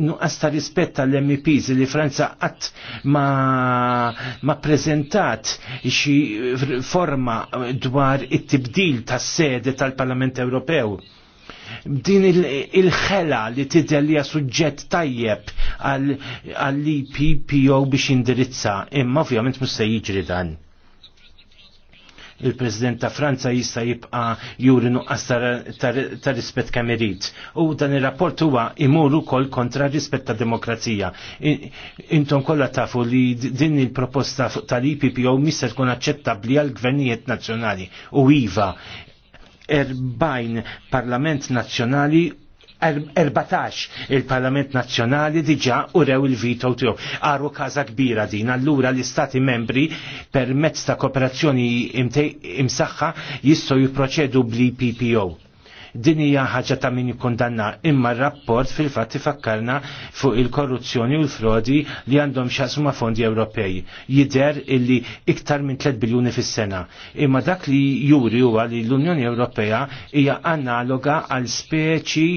nuqqas ta' rispett għall meps li Franza qatt ma, ma prezentat xi forma dwar it-tibdil tas sede tal-Parlament Ewropew din il-ħela li tidelja suġġett tajjeb għall-IPPO biex indirizza, imma ovvjament mhux se jiġri dan. Il-President ta' Franza jista' jibqa' juri nuqqas ta' rispett kemm U dan ir-rapport huwa imur ukoll kontra rispett ta' demokrazija. Intom kollha tafu li din il-proposta tal-IPPO mister tkun aċċettabbli għal gvernijiet nazzjonali u iva 40 parlament nazzjonali 14 er, il-Parlament Nazzjonali diġa urew il-vito tiegħu. Għaru kaza kbira din, allura l-Istati membri permezz ta' kooperazzjoni imsaħħa jistgħu jipproċedu bl-PPO Din hija ħaġa ta' min jikkundanna imma r-rapport fil-fatt ifakkarna fuq il-korruzzjoni u l-frodi li għandhom xasma fondi Ewropej. Jider illi iktar minn 3 biljuni fis-sena. Imma dak li juri huwa li l-Unjoni Ewropea hija analoga għal speċi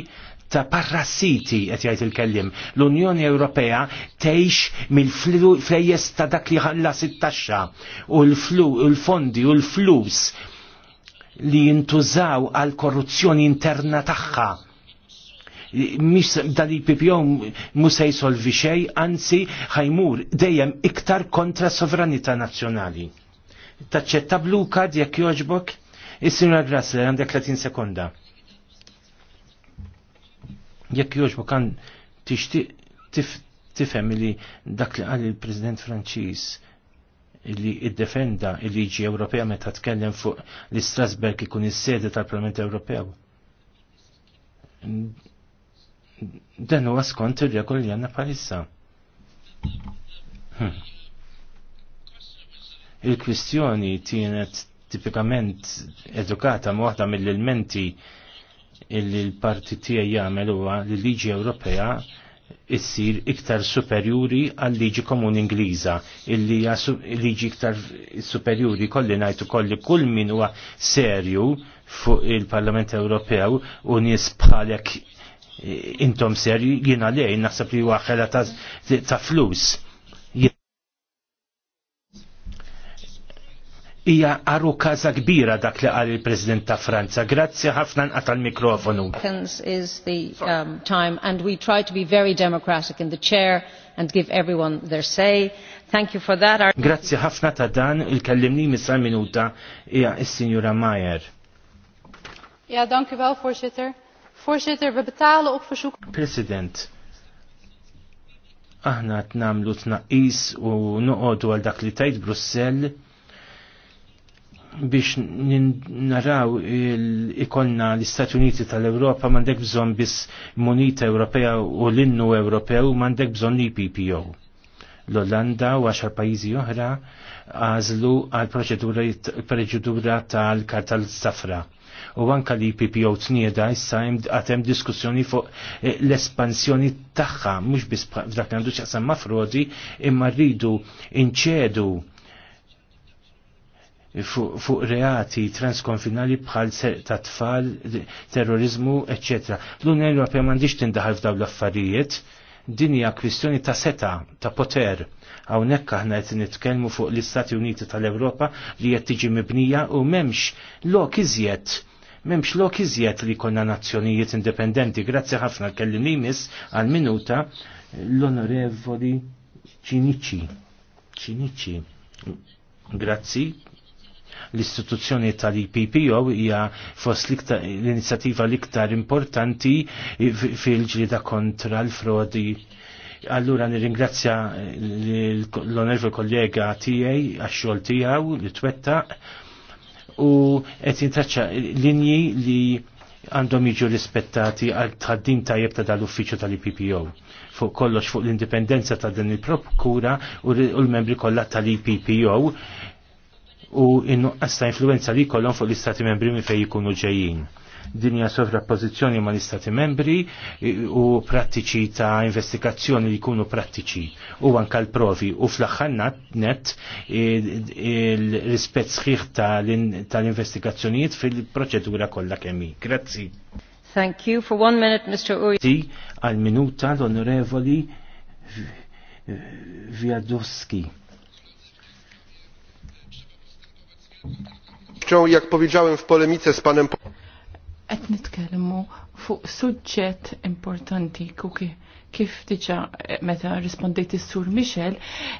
ta' parassiti qed jgħid il-kellim. L-Unjoni Ewropea tgħix mill-flejjes ta' dak li ħallas it-taxxa u l-fondi u l-flus li jintużaw għal korruzzjoni interna tagħha. Mis dal IPPO mhux se jsolvi xej, anzi ħajmur dejjem iktar kontra sovranità nazzjonali. Taċċetta blue kad jekk joġbok? Is-sinjora Grassler għandek 30 sekonda. Jekk joġbok għand tixtieq tifhem li dak li qal il-President Franċiż li defenda il-liġi Ewropea meta tkellem fuq li Strasberg ikun is-sede tal-Parlament Ewropew. Dan huwa skont ir regoli li għandna bħalissa. Hm. Il-kwistjoni tienet tipikament edukata waħda mill-elementi illi l-parti tiegħi jagħmel huwa li l-liġi Ewropea issir iktar superjuri għal liġi komuni Ingliża, illi hija liġi iktar superjuri kolli ngħid ukoll kull min huwa serju fuq il-Parlament Ewropew u nies bħalek intom serju jiena għalej naħseb li huwa ħela ta' flus hija għaru kaza kbira dak li għal il-President ta' Franza. Grazzi ħafna nqata l-mikrofonu. is the um, time and we try to be very democratic in the chair and give everyone their say. Thank you for that. Our... Grazzi ħafna ta' dan il-kellimni misa minuta hija s-Sinjura Mayer. Ja, dank u wel, voorzitter. Voorzitter, we betalen op verzoek... President, aħna t-namlu t-naqis u nuqodu għal dak li tajt Brussel biex naraw ikonna l-Istati Uniti tal-Europa mandek bżon biss monita Ewropea u l-innu Ewropew mandek bżon li PPO. L-Olanda u għaxar pajizi oħra għazlu għal proċedura tal kartal safra U anka li e PPO tnieda issa għatem diskussjoni fuq eh, l-espansjoni tagħha mhux biss f'dak għandu x'aqsam ma' frodi imma rridu inċedu fuq fu reati transkonfinali bħal ta' tfal, terrorizmu, etc. L-Unjoni Ewropea m'għandix tindaħal f'dawn l-affarijiet, din hija kwistjoni ta' seta, ta' poter. Hawnhekk aħna qed nitkellmu fuq l-Istati Uniti tal-Ewropa li qed tiġi mibnija u m'hemmx lok iżjed memx lok iżjed li konna nazzjonijiet indipendenti. Grazzi ħafna kelli nimis għal minuta l-onorevoli Cinici. Grazzi. L-istituzzjoni tal-IPPO hija fost l-inizjattiva l-iktar importanti fil-ġlida kontra l-frodi Allura nirringrazzja l onervo kollega tiegħi għax-xogħol tiegħu li twettaq u qed jintraċċa linji li għandhom jiġu rispettati għal tħaddim tajjeb ta' dal-uffiċċju tal-IPPO fuq kollox fuq l-indipendenza ta' din il-prokura u l-membri kollha tal-IPPO u innuqqas ta' influenza li kollon fuq l-istati membri minn fejn jkunu ġejjin. Dinja sovrappożizzjoni ma' l-istati membri e, u prattiċi ta' investigazzjoni li jkunu prattiċi u anka l-provi u fl-aħħar net il-rispett e, e, sħiħ tal-investigazzjonijiet fil-proċedura kollha kemm Grazzi. Thank you. For one minute, Mr. Uri. al minuta l-onorevoli Viadoski. Jak powiedziałem w polemice z panem... Qed nitkellmu fuq suġġett importanti kuki kif diġa eh, meta rispondejt is-sur Michel,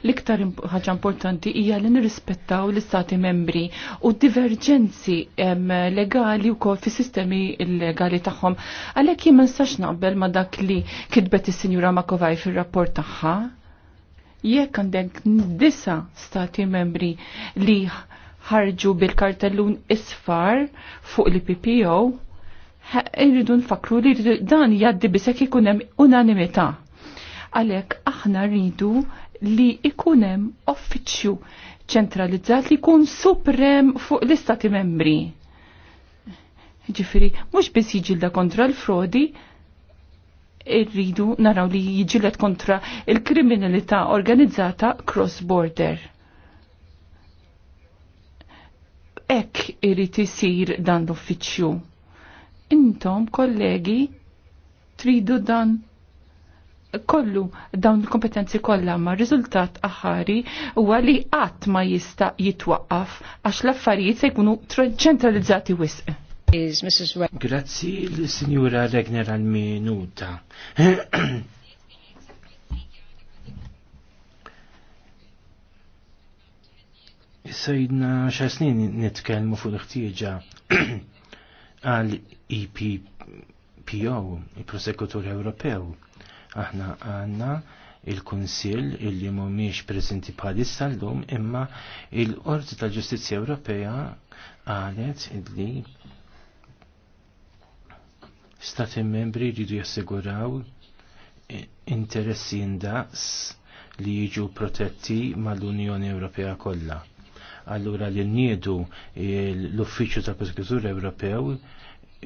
l-iktar ħaġa importanti hija li nirrispettaw l-istati membri u diverġenzi legali wkoll fis-sistemi legali tagħhom. Għalhekk jien ma nistax naqbel ma dak li kitbet is-Sinjura Makovaj fir-rapport tagħha. Jekk għandek disa stati membri li ħarġu bil-kartellun isfar fuq l-PPO, irridu nfakru li dan jaddi bisek ikunem unanimità. Għalek aħna rridu li ikunem uffiċju ċentralizzat li kun suprem fuq l-istati membri. Ġifiri, mux bis jiġilda kontra l-frodi, irridu naraw li jiġilet kontra il-kriminalità organizzata cross-border ekk irrit isir dan l-uffiċju. Intom, kollegi, tridu dan kollu dawn il-kompetenzi kollha ma riżultat aħari huwa li qatt ma jista' jitwaqqaf għax l-affarijiet se jkunu ċentralizzati wisq. Grazzi l-Sinjura Regner għal-minuta. Sajdna xa snin nitkelmu fuq l-ħtieġa għal EPPO, il-Prosekutur Ewropew. Aħna għanna il-Kunsil illi mumiex prezenti bħalissa l-lum imma il-Qorti tal-Ġustizja Ewropea għalet illi stati membri jridu jassiguraw interessi indaqs li jiġu protetti mal-Unjoni Ewropea kollha allura li nniedu l-Uffiċċju tal-Prosekutur Ewropew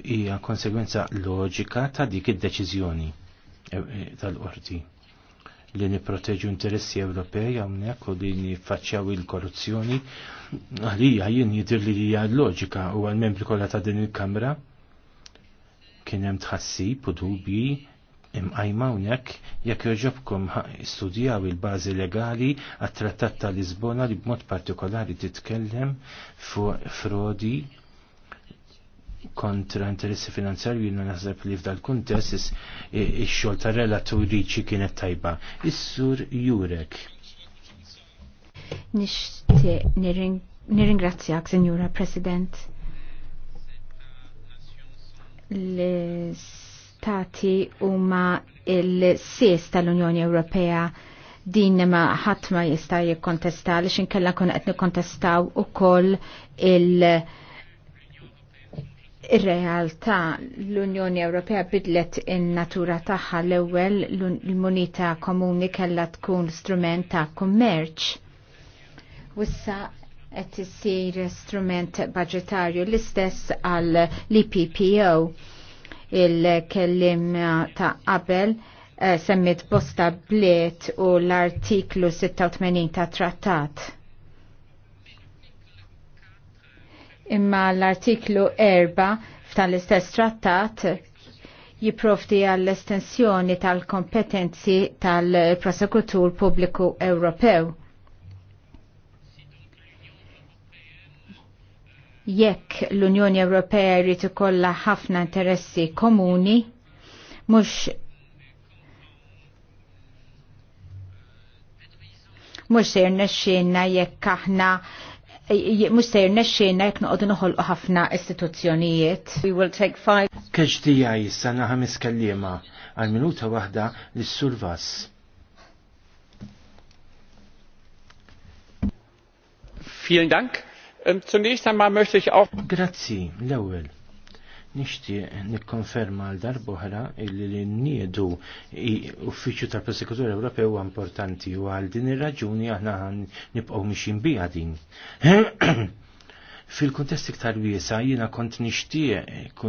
hija konsegwenza loġika ta' dik id-deċiżjoni e, e, tal-qorti li niproteġu interessi Ewropej hawnhekk u li niffaċċjaw il-korruzzjoni għalija jien jidher li hija loġika u għal-membri kollha ta' din il-Kamra kien hemm tħassib u dubji imqajma hawnhekk jekk joġobkom studjaw il-bażi legali għat-Trattat ta' Lisbona li b'mod partikolari titkellem fuq frodi kontra interessi finanzjarju jiena naħseb li f'dal kuntess ix-xogħol tar relaturiċi kienet tajba. Is-sur Jurek. Nixtieq nirringrazzjak, Sinjura President. Les stati huma il-sies tal-Unjoni Ewropea din ma ħadd ma jista' jikkontesta li kella kun qed nikkontestaw ukoll il- Ir-realtà l-Unjoni Ewropea bidlet in-natura tagħha l-ewwel l-munita komuni kellha tkun strument ta' kummerċ. Wissa qed isir strument budgetarju l-istess għall-EPPO il-kellim ta' qabel eh, semmit bosta bliet u l-artiklu 86 ta' trattat. Imma l-artiklu 4 f'tan l-istess trattat jiprofdi għall-estensjoni tal-kompetenzi tal-prosekutur pubbliku Ewropew jekk l-Unjoni Ewropea jrid ikollha ħafna interessi komuni mhux mhux se jirnexxinna jekk aħna mhux se nesċina jekk noqogħdu noħolqu ħafna istituzzjonijiet. We will take five. Keċ dija jissana ħamis kallima għal minuta waħda lis survas Vielen Dank. Ähm, zunächst einmal möchte ich auch. Grazzi, l-ewwel. Nixtieq nikkonferma għal darbohra illi li niedu uffiċċju tal-Prosekutur Ewropew huwa importanti u għal din ir-raġuni aħna nibqgħu mixin biha din. Fil-kuntest iktar wiesa jiena kont nixtieq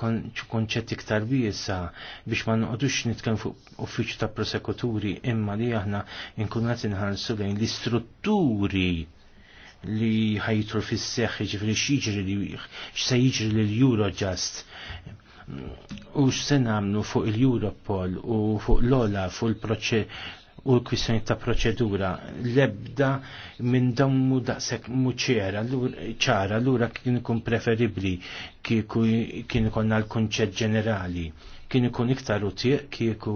kun iktar wiesa biex ma noqdux nitkellem fuq uffiċċju ta' prosekuturi imma li aħna inkun qed inħarsu lejn l-istrutturi li ħajtru fis-seħħ ġifri xieġri li x'se jiġri lil Eurojust u x'se nagħmlu fuq il-Europol u fuq l-Ola fuq il proċe u l-kwissjoni ta' proċedura lebda minn dawn mu daqshekk mu ċera ċara allura kien ikun preferibbli kien konna l-kunċett ġenerali kien ikun iktar utieq kieku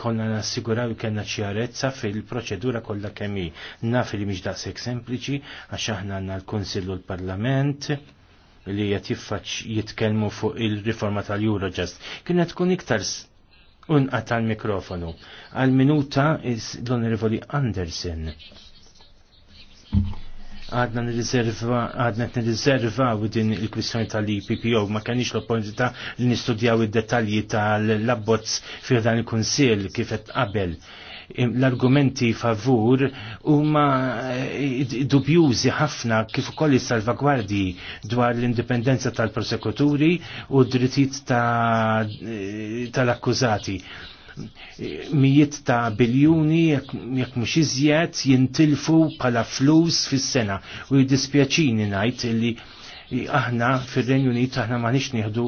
konna nassiguraw kellna ċjarezza fil-proċedura kollha kemm hi. Naf li miex daqshekk sempliċi għax aħna għandna l-Kunsill u l-Parlament li qed jiffaċ jitkellmu fuq il-riforma tal-Eurojust. Kienet tkun iktar unqa tal-mikrofonu. Għal minuta is l-Onorevoli Andersen għadna nirriserva, għadna nirriserva u din il-kwistjoni tal-IPPO, ma kanix l ta li nistudjaw id-detalji tal-labbozz fir dan il konsil kifet qabel l-argumenti favur huma eh, dubjużi ħafna kif ukoll salvagwardi dwar l-indipendenza tal-prosekuturi u d-drittijiet eh, tal-akkużati. Ta mijiet ta' biljuni jekk mhux iżjed jintilfu bħala flus fis-sena u jiddispjaċini ngħid li aħna fir renju Unit aħna maħniex nieħdu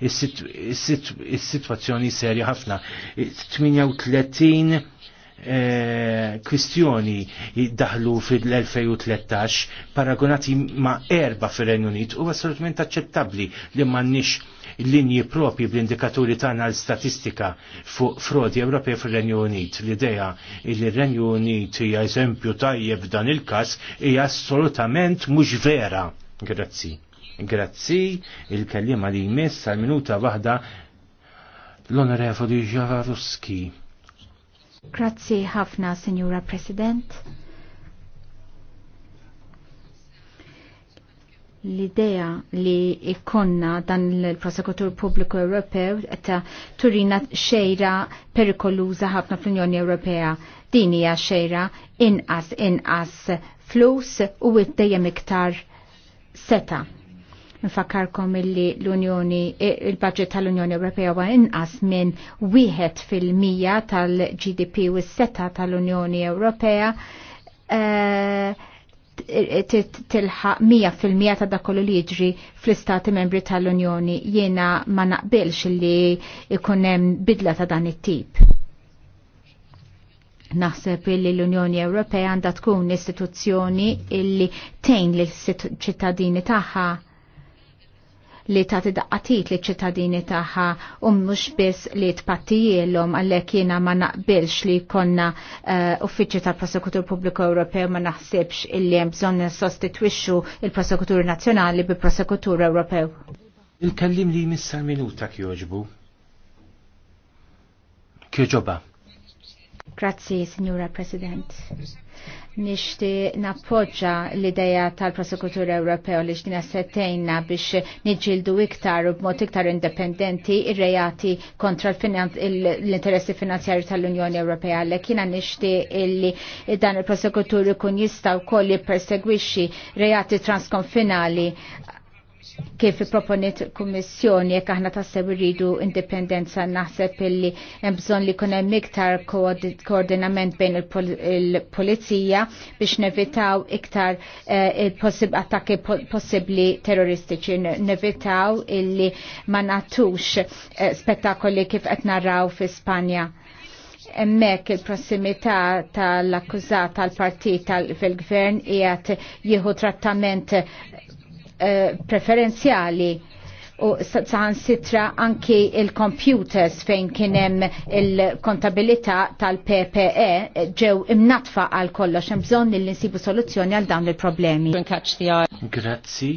is-sitwazzjoni serja ħafna. 38 eh, kwistjoni daħlu fil-2013 paragonati ma' erba fil-Renju Unit u assolutament aċċettabli li maħniex linji propi bl-indikaturi tagħna l-statistika fuq frodi Ewropej fir-Renju Unit. L-idea li r-Renju Unit hija eżempju tajjeb dan il-każ hija assolutament mhux vera. Grazzi. Grazzi il-kellima li jmiss għal minuta waħda l-onorevoli Ġavaruski. Grazzi ħafna, Signora President. l-idea li ikonna dan l-prosekutur pubbliku Ewropew ta' turina xejra perikoluza ħafna fl-Unjoni Ewropea. Din hija xejra inqas inqas flus u dejjem iktar seta. Nfakkarkom illi l-Unjoni, il-budget tal-Unjoni Ewropea huwa inqas minn wieħed fil-mija tal-GDP u s-seta tal-Unjoni Ewropea. Uh, tilħaq 100% ta' dakollu li jiġri fl-istati membri tal-Unjoni jiena ma naqbilx li ikun hemm bidla ta' dan it-tip. Naħseb li l-Unjoni Ewropea għandha tkun istituzzjoni illi tejn lill ċittadini tagħha li ta' tidaqqatit li ċittadini taħħa u mux biss li tpattijielhom għallek jiena ma naqbilx li konna eh, uffiċċju tal-Prosekutur Pubbliku Ewropew ma naħsibx illi hemm bżonn sostitwixxu il-Prosekutur Nazzjonali bi Prosekutur Ewropew. Il-kellim li jmissar minuta kjoġbu. Kjoġoba. Grazzi, Signora President. Nishti nappoġġa l-ideja tal-Prosekutur Ewropew li ġdina settejna biex nġildu iktar u b'mod iktar indipendenti ir-rejati kontra l-interessi finanzjari tal-Unjoni Ewropea. Lek kiena nishti illi dan il-Prosekutur ikun jista' wkoll jippersegwixxi rejati transkonfinali kif proponiet kummissjoni jekk aħna tassew irridu indipendenza naħseb illi hemm bżonn li jkun hemm iktar koordinament bejn il-pulizija biex nevitaw iktar eh, attakki possibbli terroristiċi nevitaw illi ma nagħtux eh, spettakoli kif qed narraw fi Spanja emmek il-prossimità akkużata tal tal-partit tal-fil-gvern jgħat jieħu trattament Eh, preferenzjali u saħan sitra anki il-computers fejn kienem il-kontabilità tal-PPE eh, ġew imnatfa għal kollox hemm bżonn li nsibu soluzzjoni għal dawn il-problemi. Grazzi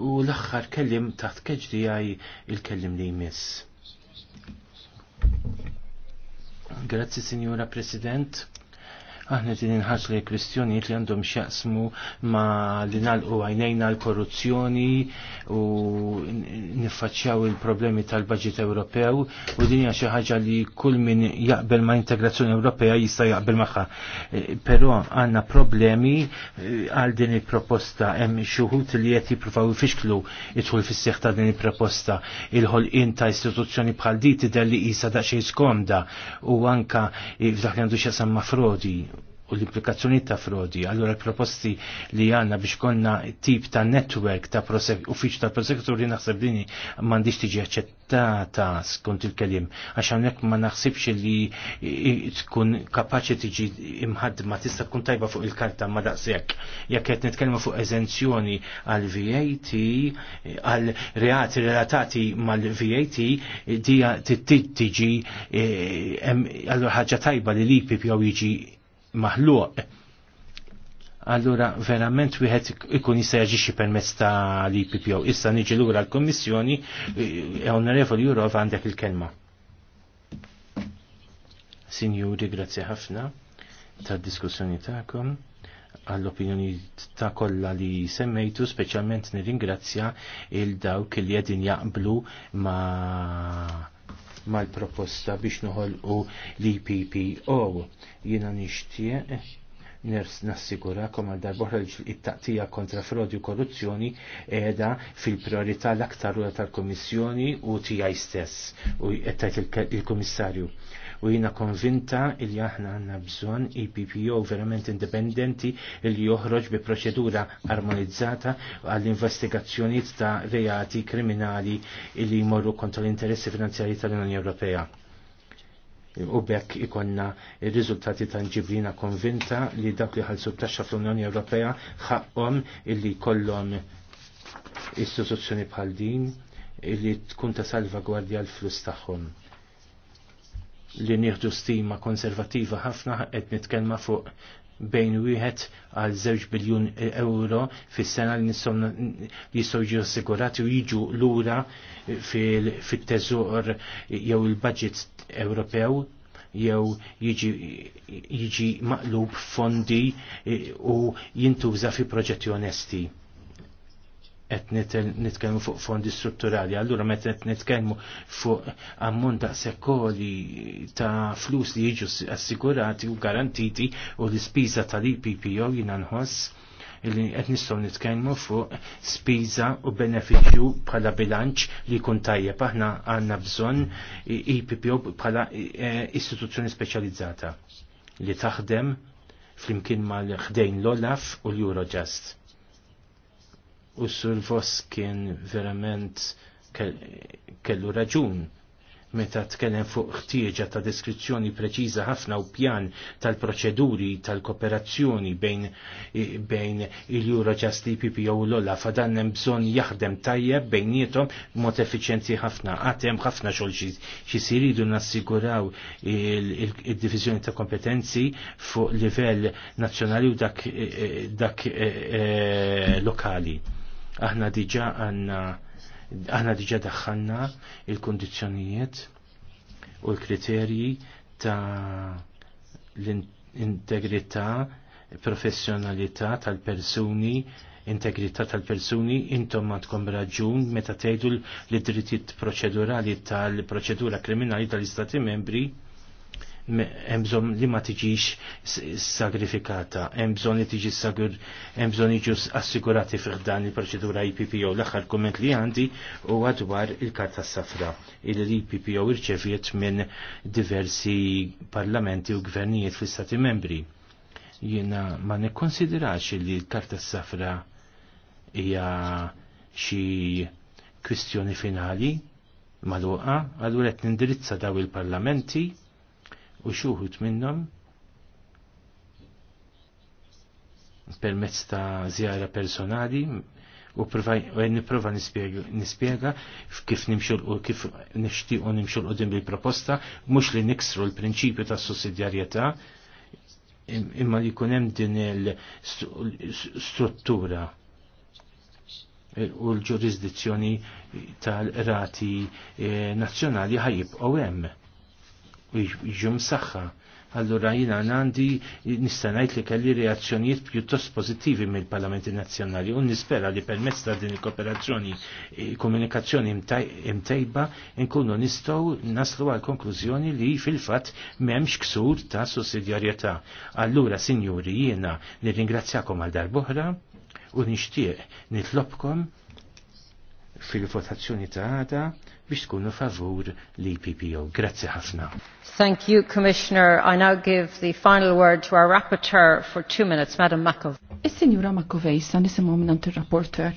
u l-aħħar kellim taħt keġri il-kellim li jmiss. Grazzi Signora President aħna din inħas li kwistjonijiet li għandhom xjaqsmu ma li nalqu għajnejna l-korruzzjoni u niffaċċjaw il-problemi tal-budget Ewropew u din hija xi ħaġa li kull min jaqbel ma' integrazzjoni Ewropea jista' jaqbel magħha. E, però għandna problemi e, għal din il-proposta hemm xi wħud li qed jippruvaw ifixklu jidħul fis-seħħ ta' din il-proposta il-ħolqien ta' istituzzjoni bħal dit tidher li qisha daqsxejn skomda u anka e, f'dak li għandu ma' frodi u l-implikazzjoni ta' frodi. Allora l-proposti li għanna biex konna tip ta' network ta' uffiċ ta' prosekutur li naħseb dini mandiċ tiġi accettata skont il-kelim. Għax hawnhekk ma naħsibx li tkun kapaċi tiġi imħaddma tista' tkun tajba fuq il-karta ma daqshekk. Jekk qed nitkellmu fuq eżenzjoni għal VAT għal reati relatati mal-VAT dija tiġi e, allura ħaġa tajba li l-IPP jiġi maħluq. Allura verament wieħed ikun jista' jaġixi permezz ta' l-IPPO. Issa niġi lura l-Kommissjoni, eh, Onorevoli Jurov għandek il-kelma. Sinjuri, grazzi ħafna tad diskussjoni tagħkom għall-opinjoni ta' kollha li semmejtu, speċjalment nirringrazzja il dawk li qegħdin jaqblu ma' mal-proposta biex noħolqu l-IPPO. Jiena nixtieq ners nassigurakom għal darbohra it-taqtija kontra frodi u korruzzjoni edha fil-priorità l-aktar tal-Komissjoni u tijaj stess u jettajt il-Komissarju. il komissarju u jina konvinta illi aħna għanna bżon IPPO verament indipendenti li joħroġ bi proċedura armonizzata għall-investigazzjoni ta' reati kriminali li jmorru kontra l-interessi finanzjari tal-Unjoni Ewropea u bekk ikonna il-rizultati tanġibrina konvinta li dak li ħalsu taxxa fl-Unjoni Ewropea ħaqhom illi kollhom istituzzjoni bħal din il-li tkun ta' salvagwardja l-flus tagħhom li nieħdu stima konservativa ħafna qed nitkellma fuq bejn wieħed għal 2 biljun euro fis-sena li jistgħu jiġu assigurati u jiġu lura fit-teżor jew il-budget Ewropew jew jiġi maqlub fondi u jintuża fi proġetti onesti qed nitkellmu fuq fondi strutturali, allura meta qed nitkellmu fuq ammont ta' sekoli ta' flus li jiġu assigurati u garantiti u l-ispiża tal-IPPO jiena nħoss li qed nistgħu nitkellmu fuq spiża u benefiċċju bħala bilanċ li jkun tajjeb aħna għandna bżonn IPPO bħala e, istituzzjoni speċjalizzata li taħdem flimkien mal-ħdejn l-Olaf u l-Eurojust u sur vos kien verament kellu raġun meta tkellem fuq ħtieġa ta' deskrizzjoni preċiża ħafna u pjan tal-proċeduri tal-kooperazzjoni bejn bejn il-Eurojust l-IPPO u l-Ola fadan hemm bżonn jaħdem tajjeb bejnietom mod effiċjenti ħafna. Għad hemm ħafna xogħol xi siridu nassiguraw il-diviżjoni ta' kompetenzi fuq livell nazzjonali u dak eh, eh, eh, lokali. Aħna diġa għanna, aħna diġa daħħanna il-kondizjonijiet u l-kriterji ta' l-integrità, professjonalità tal-persuni integrità tal-persuni intom ma tkom raġun meta tgħidu l drittijiet proċedurali tal-proċedura kriminali tal-Istati membri hemm bżonn li ma tiġix sagrifikata, hemm bżonn li tiġi sagur, hemm bżonn jiġu assigurati fih dan il-proċedura IPPO. L-aħħar kumment li għandi huwa dwar il-karta safra il-IPPO irċeviet minn diversi parlamenti u gvernijiet fl-Istati membri. Jiena ma nikkonsidirax li l-karta safra hija xi kwistjoni finali maluqa, għallura qed nindirizza daw il-parlamenti u xuħut minnhom permezz ta' zjara personali u niprofa nispiega kif u kif nixtiequ nimxu l-qudiem bil-proposta mhux li niksru l-prinċipju ta' sussidjarjetà imma li jkun hemm din il-struttura u l-ġurisdizzjoni tal-rati eh, nazzjonali ħajibqgħu hemm jiġu msaħħa. Allura jina għandi nistanajt li kelli reazzjonijiet pjuttost pozittivi mill-Parlamenti Nazzjonali u nispera li permezz ta' din il-kooperazzjoni eh, komunikazzjoni imtejba nkunu nistgħu naslu għal konklużjoni li fil-fatt m'hemmx ksur ta' sussidjarjetà. Allura, sinjuri, jiena nirringrazzjakom għal darb'oħra u nixtieq nitlobkom fil-votazzjoni ta' għada biex tkunu favur li PPO. Grazzi ħafna. Thank you, Commissioner. I now give the final word to our rapporteur for two minutes, Madam Makov. Is-Sinjura Makovej, sa' nisimaw minnant il-rapporteur.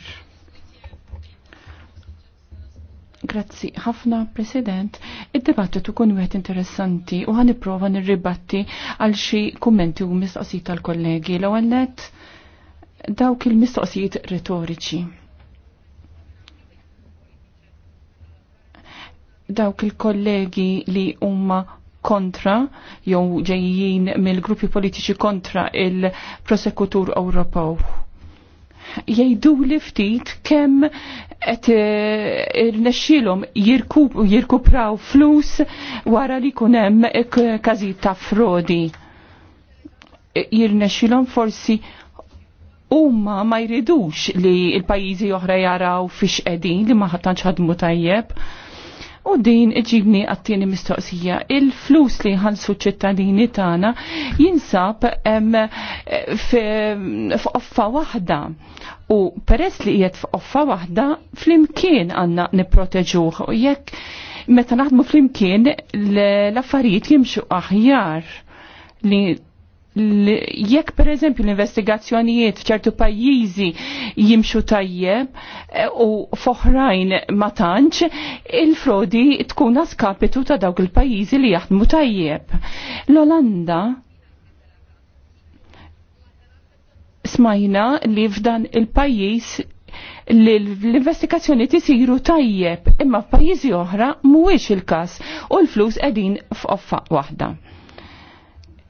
Grazzi ħafna, President. Id-dibattitu kun wieħed interessanti u ħan nipprova nirribatti għal xi kummenti u mistoqsijiet tal-kollegi l-ewwel dawk il-mistoqsijiet retoriċi dawk il-kollegi li huma kontra jew ġejjin mill-gruppi politiċi kontra il-prosekutur Ewropew. Jgħidu li ftit kemm qed eh, irnexxielhom jirkupraw flus wara li jkun hemm każijiet ta' frodi. Eh, jirnexxielhom forsi huma ma jridux li l-pajjiżi oħra jaraw fiex qegħdin li ma ħadmu tajjeb U din iġibni għattini mistoqsija, il-flus li ħansu ċittadini tagħna jinsab f'offa waħda. U peress li qiegħed f'offa waħda, flimkien għandna nipproteġuh u jekk meta naħdmu flimkien l-affarijiet jimxu aħjar li jekk per eżempju l-investigazzjonijiet f'ċertu pajjiżi jimxu tajjeb e, u foħrajn ma tantx, il-frodi tkun skapitu ta' dawk il-pajjiżi li jaħdmu tajjeb. L-Olanda smajna li f'dan il-pajjiż li l-investigazzjoni tisiru tajjeb imma f'pajjiżi oħra mhuwiex il-każ u l-flus qegħdin f'offa waħda.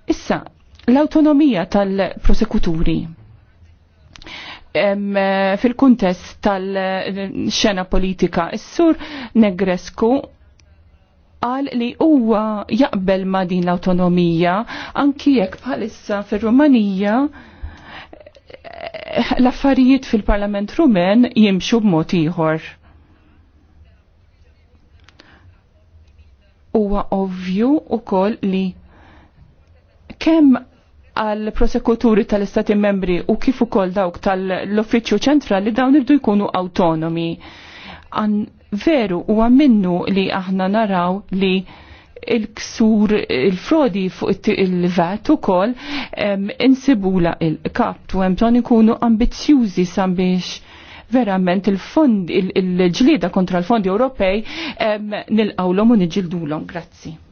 Issa, l-autonomija tal-prosekuturi fil-kuntest tal-xena politika. Is-sur Negresku qal li huwa jaqbel ma din l-autonomija anki jekk bħalissa fir-Rumanija l-affarijiet fil-Parlament Rumen jimxu b'mod ieħor. Huwa ovvju ukoll li kemm għal prosekuturi tal-Istati membri u kif ukoll dawk tal-Uffiċċju ċentrali dawn irdu jkunu autonomi. An veru u minnu li aħna naraw li il-ksur il-frodi fuq il-vat ukoll insibula il-kap u hemm bżonn ikunu ambizzjużi sabiex verament il-fond il-ġlida kontra l-fondi Ewropej nil-għawlom u niġildulhom. Grazzi.